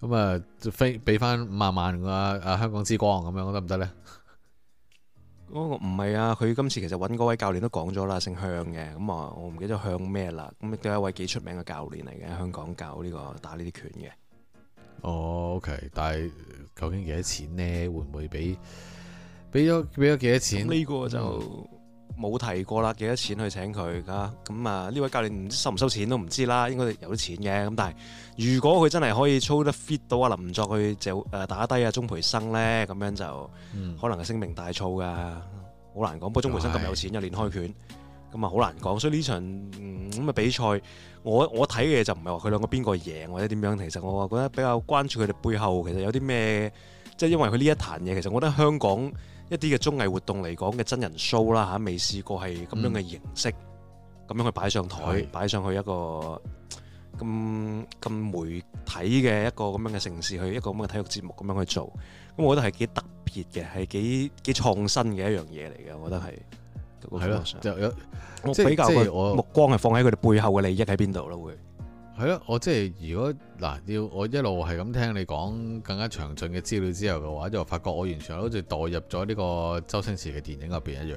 咁啊，飛俾翻五萬萬個啊香港之光咁樣我得唔得呢？我唔係啊！佢今次其實揾嗰位教練都講咗啦，姓向嘅，咁、嗯、啊，我唔記得向咩啦，咁亦都係一位幾出名嘅教練嚟嘅，香港教呢、呢個打呢啲拳嘅。哦，OK，但係究竟幾多錢呢？會唔會俾？俾咗俾咗幾多錢？呢個就～、嗯冇提過啦，幾多錢去請佢㗎？咁啊，呢位教練唔知收唔收錢都唔知啦，應該有啲錢嘅。咁但係，如果佢真係可以操得 fit 到啊，林作去就誒打低啊，鍾培生咧，咁樣就可能係聲名大噪噶，好、嗯、難講。不過鍾培生咁有錢又練、嗯、開拳，咁啊好難講。所以呢場咁嘅、嗯那個、比賽，我我睇嘅嘢就唔係話佢兩個邊個贏或者點樣，其實我覺得比較關注佢哋背後其實有啲咩，即、就、係、是、因為佢呢一壇嘢，其實我覺得香港。一啲嘅綜藝活動嚟講嘅真人 show 啦嚇，未試過係咁樣嘅形式，咁樣，嗯，去擺上台，的擺上去一個咁咁媒體嘅一個咁樣嘅城市去一個咁嘅體育節目咁樣去做，咁我覺得係幾特別嘅，係幾幾創新嘅一樣嘢嚟嘅，我覺得係。係咯，就我比較嘅目光係放喺佢哋背後嘅利益喺邊度咯會。係咯，我即係如果嗱，要、啊、我一路係咁聽你講更加詳盡嘅資料之後嘅話，就發覺我完全好似代入咗呢個周星馳嘅電影入邊一樣，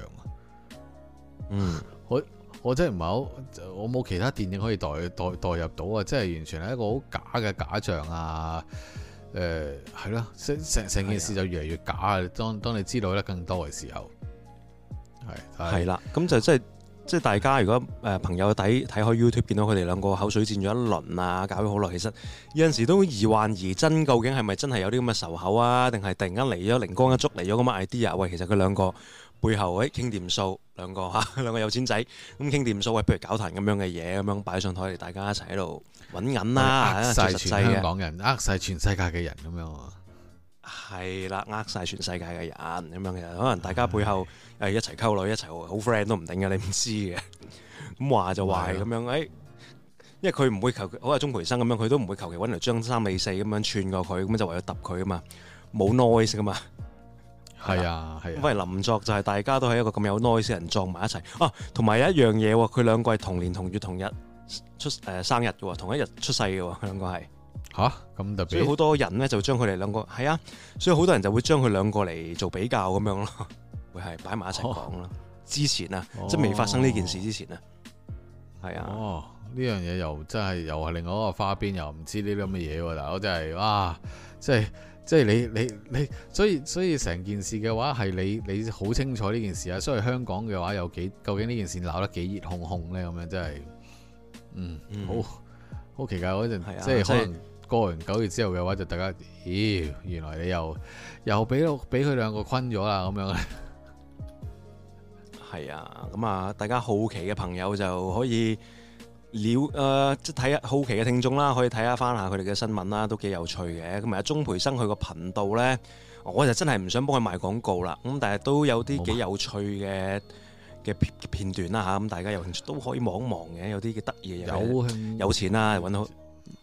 嗯，我我真係唔係好，我冇其他電影可以代代入到啊！即係完全係一個好假嘅假象啊！誒、呃，係啦，成成成件事就越嚟越假啊！當當你知道得更多嘅時候，係係、就是、啦，咁就即、是、係。嗯即係大家如果誒、呃、朋友底睇開 YouTube 見到佢哋兩個口水戰咗一輪啊，搞咗好耐，其實有陣時都疑幻疑真，究竟係咪真係有啲咁嘅仇口啊？定係突然間嚟咗靈光一觸嚟咗咁嘅 idea？喂，其實佢兩個背後誒傾掂數兩個嚇，兩個有錢仔咁傾掂數，喂，譬如搞壇咁樣嘅嘢，咁樣擺上枱嚟，大家一齊喺度揾緊啦，最實際嘅，呃曬全港人呃曬全世界嘅人咁樣。係啦，呃晒全世界嘅人咁樣嘅，可能大家背後誒一齊溝女，的一齊好 friend 都唔定嘅，你唔知嘅。咁 話就話咁樣，誒的，因為佢唔會求，好似鍾培生咁樣，佢都唔會求其搵嚟張三尾四咁樣串過佢，咁就為咗揼佢啊嘛，冇 noise 噶嘛。係啊的，係啊，林作就係大家都係一個咁有 noise 嘅人撞埋一齊。哦、啊，同埋有一樣嘢，佢兩個同年同月同日出誒、呃、生日噶，同一日出世噶，佢兩個係。吓咁、啊、特別，所以好多人咧就將佢哋兩個係啊，所以好多人就會將佢兩個嚟做比較咁樣咯，會係擺埋一齊講咯。哦、之前啊，哦、即係未發生呢件事之前啊，係啊哦。哦，呢樣嘢又真係又係另外一個花邊，又唔知呢啲咁嘅嘢。但係我真係哇，即係即係你你你，所以所以成件事嘅話係你你好清楚呢件事啊。所以香港嘅話有幾究竟呢件事鬧得幾熱烘烘咧？咁樣真係，嗯，好好、嗯嗯、奇怪。嗰陣、係啊、即係可能。過完九月之後嘅話，就大家，咦，原來你又又俾俾佢兩個昆咗啦，咁樣。係啊，咁、嗯、啊，大家好奇嘅朋友就可以了，誒、呃，即係睇好奇嘅聽眾啦，可以睇下翻下佢哋嘅新聞啦，都幾有趣嘅。咁啊，鍾培生佢個頻道咧，我就真係唔想幫佢賣廣告啦。咁、嗯、但係都有啲幾有趣嘅嘅片片段啦吓，咁、嗯、大家有興趣都可以望一望嘅，有啲嘅得意有有，情有錢啦，揾到。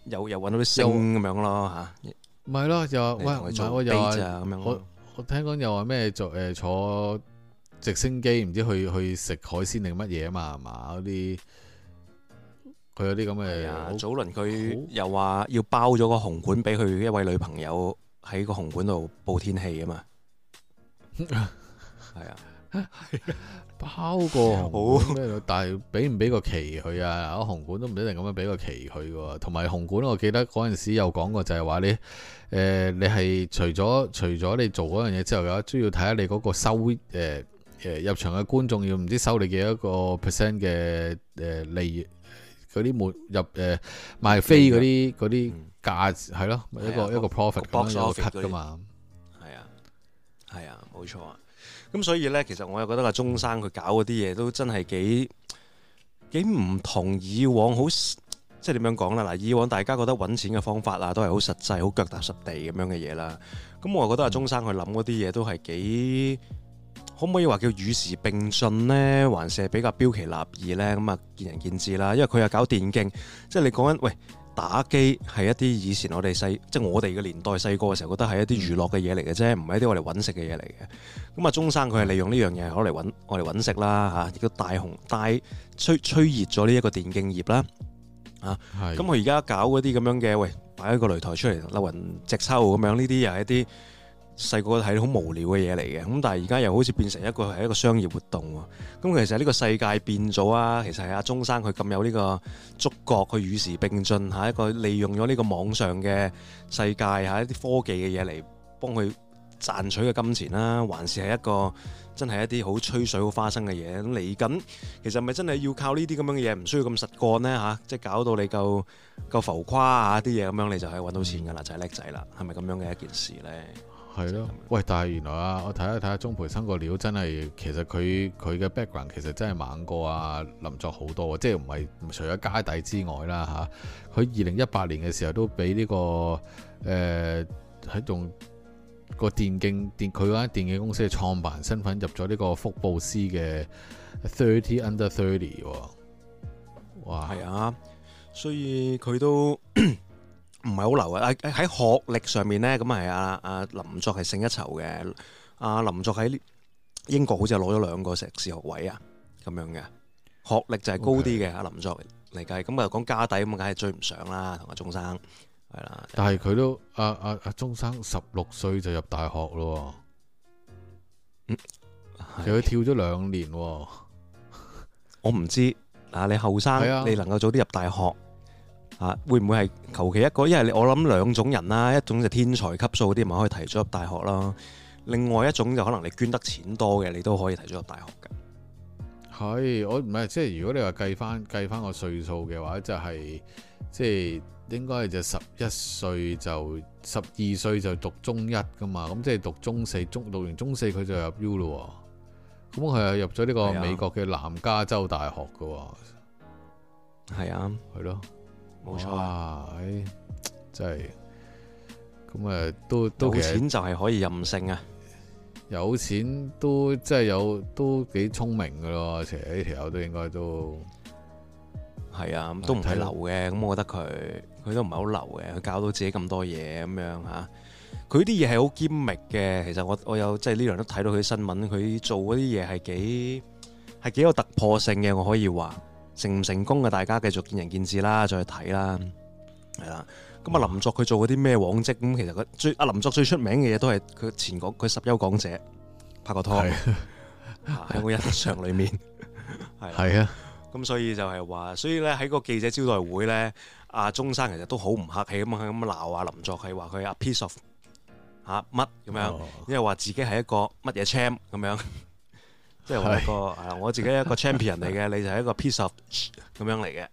又又搵到啲星咁有樣咯吓，唔係咯就，喂唔係喂我又說我我聽講又話咩坐誒坐直升機唔知去去食海鮮定乜嘢啊嘛，係嘛嗰啲佢有啲咁嘅，好早輪佢又話要包咗個紅館俾佢一位女朋友喺個紅館度報天氣啊嘛，係 啊。 拋過紅咩？多 但係俾唔俾個期佢啊？阿紅館都唔一定咁樣俾個期佢嘅。同埋紅館，我記得嗰陣時有講過就，就係話你誒，你係除咗除咗你做嗰樣嘢之後，有都要睇下你嗰個收誒誒、呃、入場嘅觀眾要唔知收你幾多個 percent 嘅誒利，嗰啲沒入誒賣飛嗰啲啲價，係咯 cit 鍋 盤、啊、一個一個 profit 咁樣個 cut 嘅嘛。係啊，係 啊，冇錯啊。咁所以呢，其實我又覺得阿鍾生佢搞嗰啲嘢都真係幾幾唔同以往，好即係點樣講啦？嗱，以往大家覺得揾錢嘅方法啊，都係好實際、好腳踏實地咁樣嘅嘢啦。咁我又覺得阿鍾生去諗嗰啲嘢都係幾，可唔可以話叫與時並進呢？還是比較標奇立異呢？咁啊，見仁見智啦。因為佢又搞電競，即係你講緊喂。打機係一啲以前我哋細，即係我哋嘅年代細個嘅時候，覺得係一啲娛樂嘅嘢嚟嘅啫，唔係一啲我哋揾食嘅嘢嚟嘅。咁啊，鍾生佢係利用呢樣嘢攞嚟揾，我哋揾食啦嚇，亦都大紅大吹吹熱咗呢一個電競業啦。的啊，咁佢而家搞嗰啲咁樣嘅，喂，擺一個擂台出嚟，摟雲直抽咁樣，呢啲又係一啲。細個係好無聊嘅嘢嚟嘅，咁但係而家又好似變成一個係一個商業活動喎。咁其實呢個世界變咗啊，其實係阿鍾生佢咁有呢個觸覺，佢與時並進嚇，一個利用咗呢個網上嘅世界嚇一啲科技嘅嘢嚟幫佢賺取嘅金錢啦、啊，還是係一個真係一啲好吹水、好花生嘅嘢咁嚟緊。其實咪真係要靠呢啲咁樣嘅嘢，唔需要咁實幹呢？嚇、啊，即係搞到你夠夠浮誇嚇啲嘢咁樣，你就係揾到錢噶啦，就係叻仔啦，係咪咁樣嘅一件事呢？係咯，喂！但係原來啊，我睇一睇下鍾培生個料真係，其實佢佢嘅 background 其實真係猛過啊林作好多啊，即係唔係除咗家底之外啦、啊、吓，佢二零一八年嘅時候都俾呢、這個誒喺仲個電競電佢嗰間電競公司嘅創辦人身份入咗呢個福布斯嘅 thirty under thirty 喎、啊，哇！係啊，所以佢都。 唔係好流啊！喺喺學歷上面咧，咁係阿阿林作係勝一籌嘅。阿林作喺英國好似係攞咗兩個碩士學位啊，咁樣嘅學歷就係高啲嘅。阿林作嚟計咁啊，講家底咁啊，梗係追唔上啦。同阿鐘生係啦，但係佢都阿阿阿鐘生十六歲就入大學咯，佢跳咗兩年。我唔知嗱，你後生你能夠早啲入大學。啊，會唔會係求其一個？因為我諗兩種人啦，一種就天才級數啲，咪、就是、可以提早入大學咯。另外一種就可能你捐得錢多嘅，你都可以提早入大學噶。係我唔係即係如果你話計翻計翻個歲數嘅話，就係、是、即係應該就十一歲就十二歲就讀中一噶嘛。咁即係讀中四，中讀完中四佢就入 U 咯。咁佢又入咗呢個美國嘅南加州大學噶。係啊的，係咯的。冇錯、哎，真係咁啊，都都錢就係可以任性啊！有錢都即係有，都幾聰明噶咯。其實呢條友都應該都係啊，都唔係流嘅。咁過我覺得佢，佢都唔係好流嘅。佢搞到自己咁多嘢咁樣吓，佢啲嘢係好堅密嘅。其實我我有即係呢輪都睇到佢新聞，佢做嗰啲嘢係幾係幾有突破性嘅。我可以話。成唔成功啊？大家繼續見仁見智啦，再去睇啦，係啦。咁啊，林作佢做嗰啲咩往績？咁其實佢最阿林作最出名嘅嘢都係佢前港佢十優港姐拍過拖，喺我印象裏面係係啊。咁所以就係話，所以咧喺個記者招待會咧，阿鍾生其實都好唔客氣咁樣咁鬧啊林作，係話佢阿 piece of 嚇乜咁樣，因為話自己係一個乜嘢 champ 咁樣。即係我一個，係我自己一個 champion 嚟嘅，你就係一個 piece of 咁樣嚟嘅，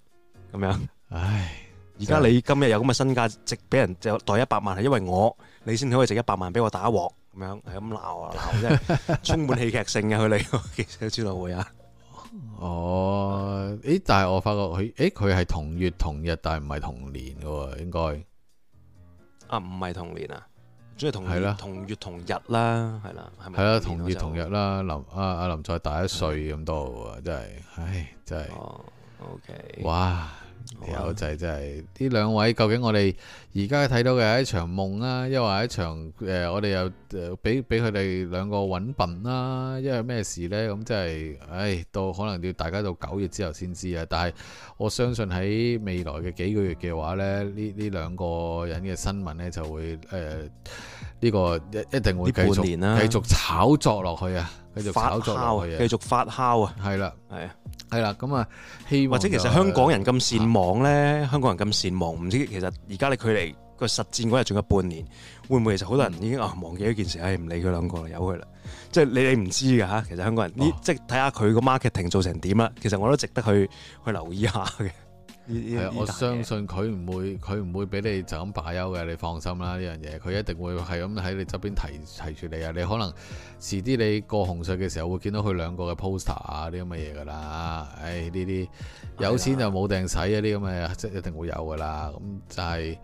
咁樣。唉，而家你今日有咁嘅身價值，俾人就袋一百萬係因為我，你先可以值一百萬俾我打鑊咁樣，係咁鬧啊鬧，真係充滿戲劇性嘅佢哋，都其實知道會啊。哦，誒，但係我發覺佢，誒，佢係同月同日，但係唔係同年嘅，應該啊，唔係同年啊。同，啦同月同日啦，係啦，係啦，同月同日啦，林阿阿、啊、林再大一歲咁多，嗎真係，唉，真係，oh, okay. 哇！有仔真係，呢兩、就是就是、位究竟我哋而家睇到嘅係一場夢啊、呃呃，因為一場誒，我哋又俾俾佢哋兩個揾笨啦，因為咩事呢？咁即係，唉，到可能要大家到九月之後先知啊。但係我相信喺未來嘅幾個月嘅話呢，呢呢兩個人嘅新聞呢就會誒，呢、呃這個一一定會繼續繼續炒作落去啊，繼續炒作落去啊，繼續發酵啊，係啦，係係啦，咁啊，或者其實香港人咁善忘咧，啊、香港人咁善忘，唔知其實而家你距離個實戰嗰日仲有半年，會唔會其實好多人已經、嗯、啊忘記呢件事，唉，唔理佢兩個由佢啦？即係你你唔知噶嚇，其實香港人，咦？哦、即係睇下佢個 marketing 做成點啦。其實我都值得去去留意下嘅。這 我相信佢唔會，佢唔會俾你就咁罷休嘅，你放心啦呢樣嘢，佢一定會係咁喺你側邊提提住你啊！你可能遲啲你過紅隧嘅時候會見到佢兩個嘅 poster 啊啲咁嘅嘢㗎啦，唉呢啲有錢就冇定使啊，啲咁嘅，一定會有㗎、嗯就是、啦。咁就係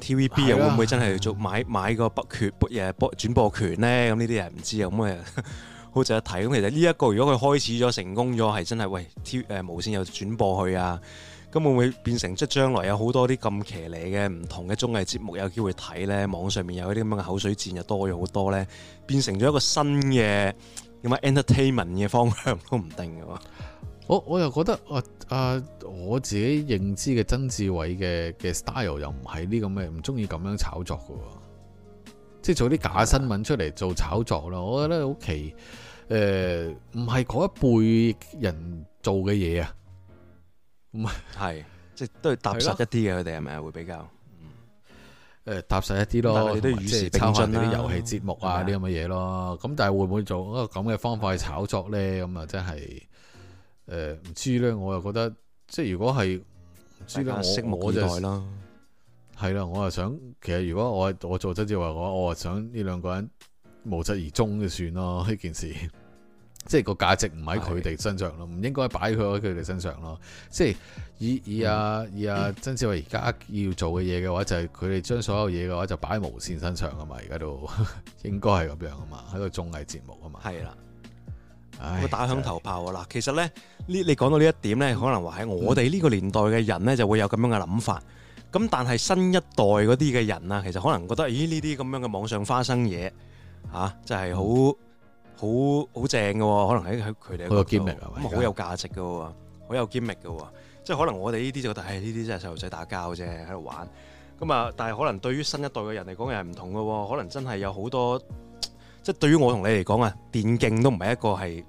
誒 TVB 會唔會真係做啦買買個不權不嘢播轉播權咧？咁呢啲人唔知有咁啊～冇就一睇咁，其實呢一個如果佢開始咗成功咗，係真係喂，誒無線有轉播去啊！咁會唔會變成即係將來有好多啲咁騎呢嘅唔同嘅綜藝節目有機會睇咧？網上面有一啲咁嘅口水戰又多咗好多咧，變成咗一個新嘅咁啊 entertainment 嘅方向都唔定嘅話，我我又覺得啊啊我自己認知嘅曾志偉嘅嘅 style 又唔係呢咁嘅，唔中意咁樣炒作嘅喎，即係做啲假新聞出嚟做炒作咯。我覺得好奇。誒，唔係嗰一輩人做嘅嘢啊，唔係係即係都係踏實一啲嘅，佢哋係咪會比較？誒、呃，踏實一啲咯，同埋即係與時並進啦，啲遊戲節目啊，啲咁嘅嘢咯。咁但係會唔會做一個咁嘅方法去炒作咧？咁啊，真係誒，唔知咧。我又覺得，即係如果係唔知咧，我我就係啦，係啦，我又想，其實如果我我做真啲話嘅話，我啊想呢兩個人無疾而終就算咯呢件事。 即係個價值唔喺佢哋身上咯，唔的應該擺佢喺佢哋身上咯。即係以以阿、啊、以阿曾志偉而家要做嘅嘢嘅話，就係佢哋將所有嘢嘅話就擺喺無線身上啊嘛。而家都應該係咁樣啊嘛，喺個綜藝節目啊嘛。係啦的，唉，我打響頭炮啊！嗱、就是，其實咧，呢你講到呢一點咧，可能話喺我哋呢個年代嘅人咧，就會有咁樣嘅諗法。咁、嗯、但係新一代嗰啲嘅人啊，其實可能覺得咦呢啲咁樣嘅網上花生嘢啊，真係好～、嗯好好正嘅，可能喺喺佢哋嗰個，好有，在好有價值嘅，好有 gimmick 嘅，即係可能我哋呢啲就覺得係呢啲真係細路仔打交啫，喺度玩咁啊！但係可能對於新一代嘅人嚟講又係唔同嘅，可能真係有好多，即係對於我同你嚟講啊，電競都唔係一個係誒、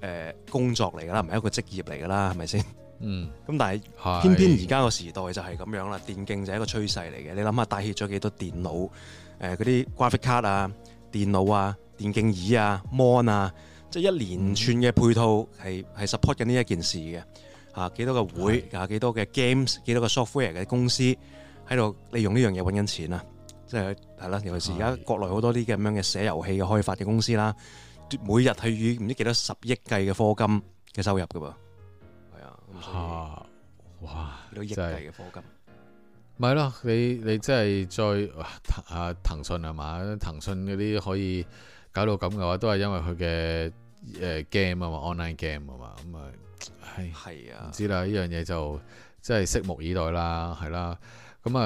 呃、工作嚟啦，唔係一個職業嚟噶啦，係咪先？嗯。咁但係偏偏而家個時代就係咁樣啦，電競就係一個趨勢嚟嘅。你諗下帶起咗幾多電腦誒嗰、呃、啲 graphic card 啊、電腦啊？電競椅啊、Mon 啊，即係一連串嘅配套，係係 support 緊呢一件事嘅。吓，幾多個會啊，幾多嘅的 games，幾多個 software 嘅公司喺度利用呢樣嘢搵緊錢啊！即係係啦，尤其是而家國內好多啲咁樣嘅寫遊戲嘅開發嘅公司啦，每日係與唔知幾多十億計嘅課金嘅收入噶噃。係啊！吓哇，幾多億計嘅課金。咪咯，就是就是就是，你你即係再啊，騰訊係嘛？騰訊嗰啲可以。搞到咁嘅話，都係因為佢嘅誒 game 啊嘛，online game 啊嘛，咁啊係係啊，知啦，呢樣嘢就即係拭目以待啦，係啦，咁、嗯嗯、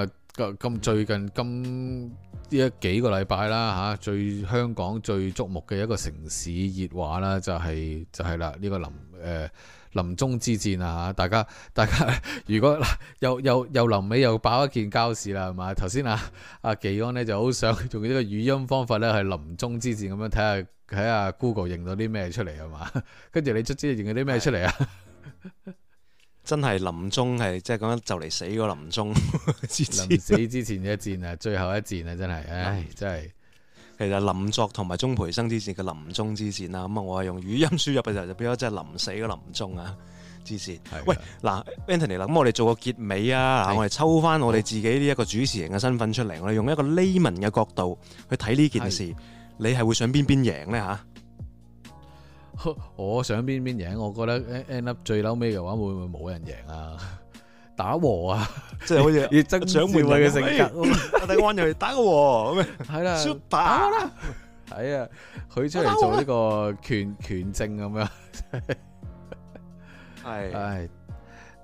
啊，咁最近今呢一幾個禮拜啦嚇，最香港最矚目嘅一個城市熱話啦，就係、係、就係、係、啦，呢、這個林誒。呃臨終之戰啊，大家大家，如果又又又臨尾又爆一件膠事啦係嘛？頭先啊阿技安咧就好想用呢個語音方法咧，係臨終之戰咁樣睇下睇下 Google 認到啲咩出嚟係嘛？跟住你卒之認到啲咩出嚟啊？真係臨終係即係講緊就嚟死個臨終，就是、死臨、終 臨死之前嘅一戰啊，最後一戰啊，真係唉真係。其實林作同埋鍾培生之戰嘅臨終之戰啦，咁啊我係用語音輸入嘅時候就變咗即係臨死嘅臨終啊之戰。是的 喂，嗱 Anthony 啦，咁我哋做個結尾啊，是的 我哋抽翻我哋自己呢一個主持人嘅身份出嚟，是的 我哋用一個 layman 嘅角度去睇呢件事，是的 你係會想邊邊贏咧吓，我想邊邊贏？我覺得 End Up 最嬲尾嘅話會唔會冇人贏啊？打和啊， 即係好似要爭獎門人嘅性格，我哋玩就嚟打和咁嘅，係啦，打啦，係啊，佢出嚟做呢個權權證咁樣，係，唉，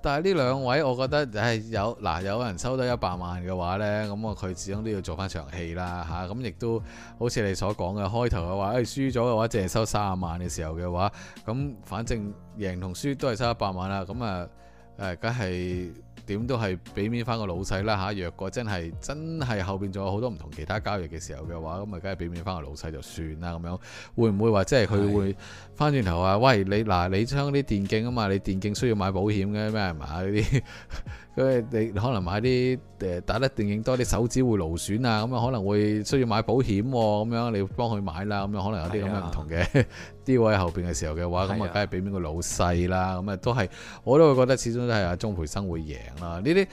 但係呢兩位，我覺得唉、哎、有嗱，有人收得一百萬嘅話咧，咁我佢始終都要做翻場戲啦吓，咁、啊、亦都好似你所講嘅，開頭嘅話，誒輸咗嘅話，淨係收三十萬嘅時候嘅話，咁反正贏同輸都係收一百萬啦，咁啊誒，梗係。嗯點都係俾面翻個老細啦嚇，若果真係真係後邊仲有好多唔同其他交易嘅時候嘅話，咁啊梗係俾面翻個老細就算啦，咁樣，會唔會話即係佢會翻轉頭啊？的喂，你嗱，你將啲電競啊嘛，你電競需要買保險嘅咩係嘛嗰啲？ 佢你可能買啲誒打得電影多啲手指會勞損啊，咁樣可能會需要買保險咁樣，你幫佢買啦。咁樣可能有啲咁嘅唔同嘅。啲位是、啊、 後邊嘅時候嘅話，咁啊，梗係俾邊個老細啦？咁啊，都係我都會覺得始終都係阿鍾培生會贏啦。呢啲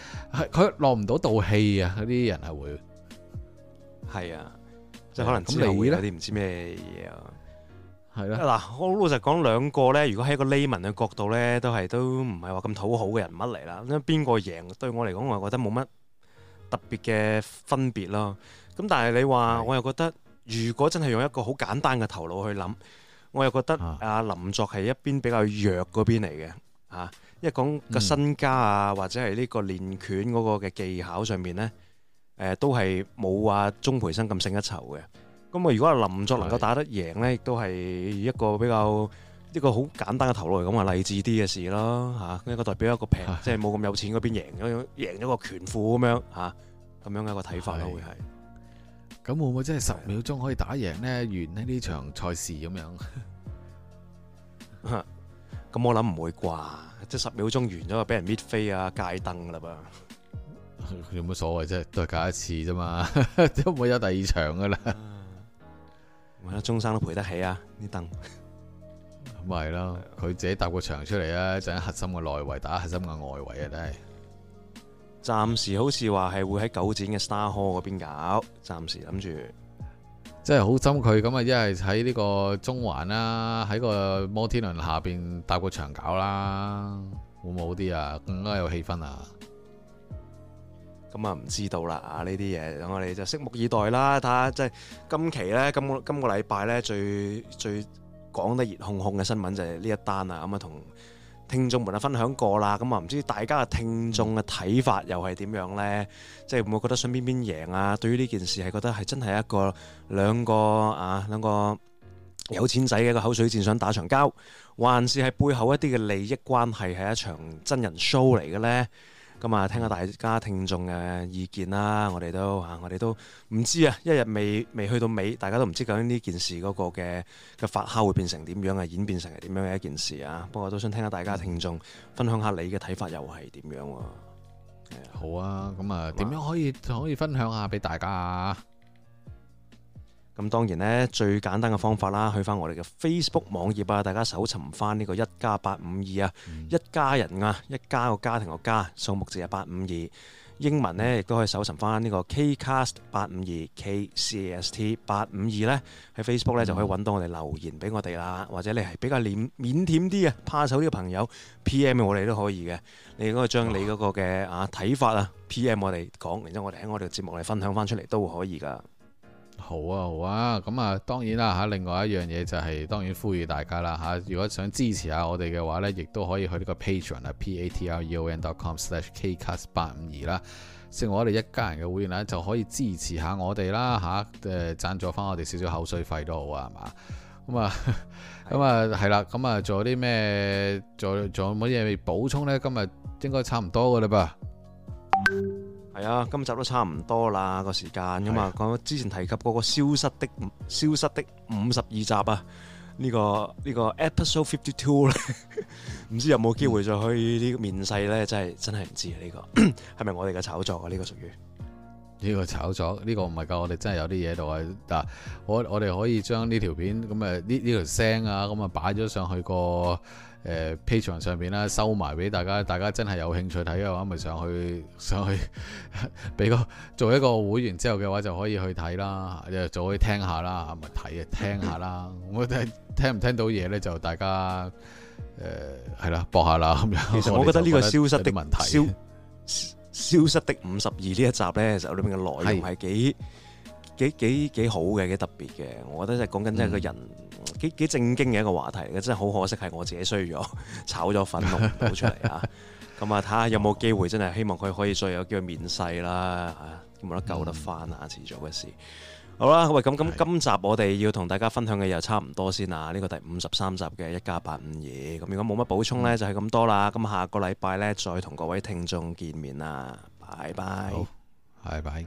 佢落唔到道氣啊！嗰啲人係會係啊，即係可能咁嚟會咧唔知咩嘢啊？係啦，嗱，我老實講，兩個呢，如果喺一個 layman 嘅角度呢，都係都唔係話咁討好嘅人物嚟啦。咁邊個贏，對我嚟講，我係覺得冇乜特別嘅分別咯。咁但係你話，的我又覺得，如果真係用一個好簡單嘅頭腦去諗，我又覺得阿、啊、林作係一邊比較弱嗰邊嚟嘅，啊，因為講個身家啊，嗯、或者係呢個練拳嗰個嘅技巧上面呢，呃、都係冇話鍾培生咁勝一籌嘅。咁啊！如果阿林作能夠打得贏咧，亦都係一個比較一個好簡單嘅頭來咁啊，勵志啲嘅事咯吓。一個一代表一個平，唉即係冇咁有錢嗰邊贏咗，贏咗個拳富咁樣吓，咁樣一個睇法咯，唉會係是。咁會唔會真係十秒鐘可以打贏呢？完咧呢場賽事咁樣？咁我諗唔會啩，即係十秒鐘完咗，俾人搣飛啊，戒燈啦！有冇所謂啫？都係搞一次啫嘛，都 唔會有第二場噶啦。中山都陪得起啊！呢凳咁咪係咯，佢 自己搭個牆出嚟啊，就喺核心嘅內圍打核心嘅外圍啊，都係。暫時好似話係會喺九展嘅 Star Hall 嗰邊搞，暫時諗住，即係好憎佢咁啊！一係喺呢個中環啦，喺個摩天輪下邊搭個牆搞啦，會唔會好啲啊？更加有氣氛啊！咁啊，唔、嗯、知道啦啊！呢啲嘢，我哋就拭目以待啦。睇下即係今期呢，今今個禮拜呢，最最講得熱烘烘嘅新聞就係呢一單啦。咁、嗯、啊，同聽眾們分享過啦。咁、嗯、啊，唔知大家嘅聽眾嘅睇法又係點樣呢？即係會唔會覺得想邊邊贏啊？對於呢件事係覺得係真係一個兩個啊兩個有錢仔嘅一個口水戰想打場交，還是係背後一啲嘅利益關係係一場真人 show 嚟嘅呢？咁啊，聽下大家聽眾嘅意見啦，我哋都吓，我哋都唔知啊，一日未未去到尾，大家都唔知究竟呢件事嗰個嘅嘅發酵會變成點樣啊，演變成係點樣嘅一件事啊。不過都想聽下大家聽眾分享下你嘅睇法又係點樣啊？誒，好啊，咁啊，點樣可以可以分享下俾大家啊？咁當然呢，最簡單嘅方法啦，去翻我哋嘅 Facebook 網頁啊，大家搜尋翻呢個一加八五二啊，嗯、一家人啊，一家個家庭個家，數目字係八五二。英文呢亦都可以搜尋翻呢個 Kcast 八五二 K C A S T 八五二呢。喺 Facebook 呢，嗯、就可以揾到我哋，留言俾我哋啦。或者你係比較腼腆啲啊，怕醜啲嘅朋友，P M 我哋都可以嘅。你應該將你嗰個嘅啊睇法啊 P M 我哋講，然之後我哋喺我哋嘅節目嚟分享翻出嚟都可以噶。好啊好啊，咁啊、嗯、當然啦、啊、嚇，另外一樣嘢就係、是、當然呼籲大家啦嚇、啊，如果想支持下我哋嘅話呢，亦都可以去呢個 patreon、e、啊 patreon.com/kcast852 啦，成為我哋一家人嘅會員咧，就可以支持下我哋啦嚇，誒贊助翻我哋少少口水費都好啊，係嘛、嗯？咁、嗯、啊咁啊係啦，咁啊仲有啲咩？仲仲有冇啲嘢補充呢？今日應該差唔多噶啦噃。係啊，今集都差唔多啦、這個時間咁啊，講之前提及嗰個消失的消失的五十二集啊，這個這個、呢個呢個 episode fifty two 咧，唔 知有冇機會再去呢個面世咧？真係真係唔知啊！呢、這個係咪 我哋嘅炒作啊？呢、這個屬於呢個炒作，呢、這個唔係夠我哋真係有啲嘢到啊！嗱，我我哋可以將呢條片咁啊，呢呢條聲啊，咁啊擺咗上去個。誒 Patreon 上邊啦，收埋俾大家，大家真係有興趣睇嘅話，咪上去上去，俾個做一個會員之後嘅話，就可以去睇啦，就可以聽下啦，咪睇啊聽下啦。我、嗯、聽聽唔聽到嘢咧，就大家誒係、呃、啦，播下啦咁樣。其實我覺，我覺得呢個消失的問題消消失的五十二呢一集咧，就裏邊嘅內容係幾是幾幾幾好嘅，幾特別嘅。我覺得就係講緊真係個人。嗯幾幾正經嘅一個話題嘅，真係好可惜係我自己衰咗， 炒咗粉龍冇出嚟 啊！咁啊，睇下有冇機會，真係希望佢可以再有機會面世啦吓，冇得救得翻啊！遲早嘅事，好啦，喂，咁咁今集我哋要同大家分享嘅又差唔多先啊，呢個第五十三集嘅一加八五二，咁如果冇乜補充呢，就係咁多啦。咁下個禮拜呢，再同各位聽眾見面啦，拜拜，拜拜。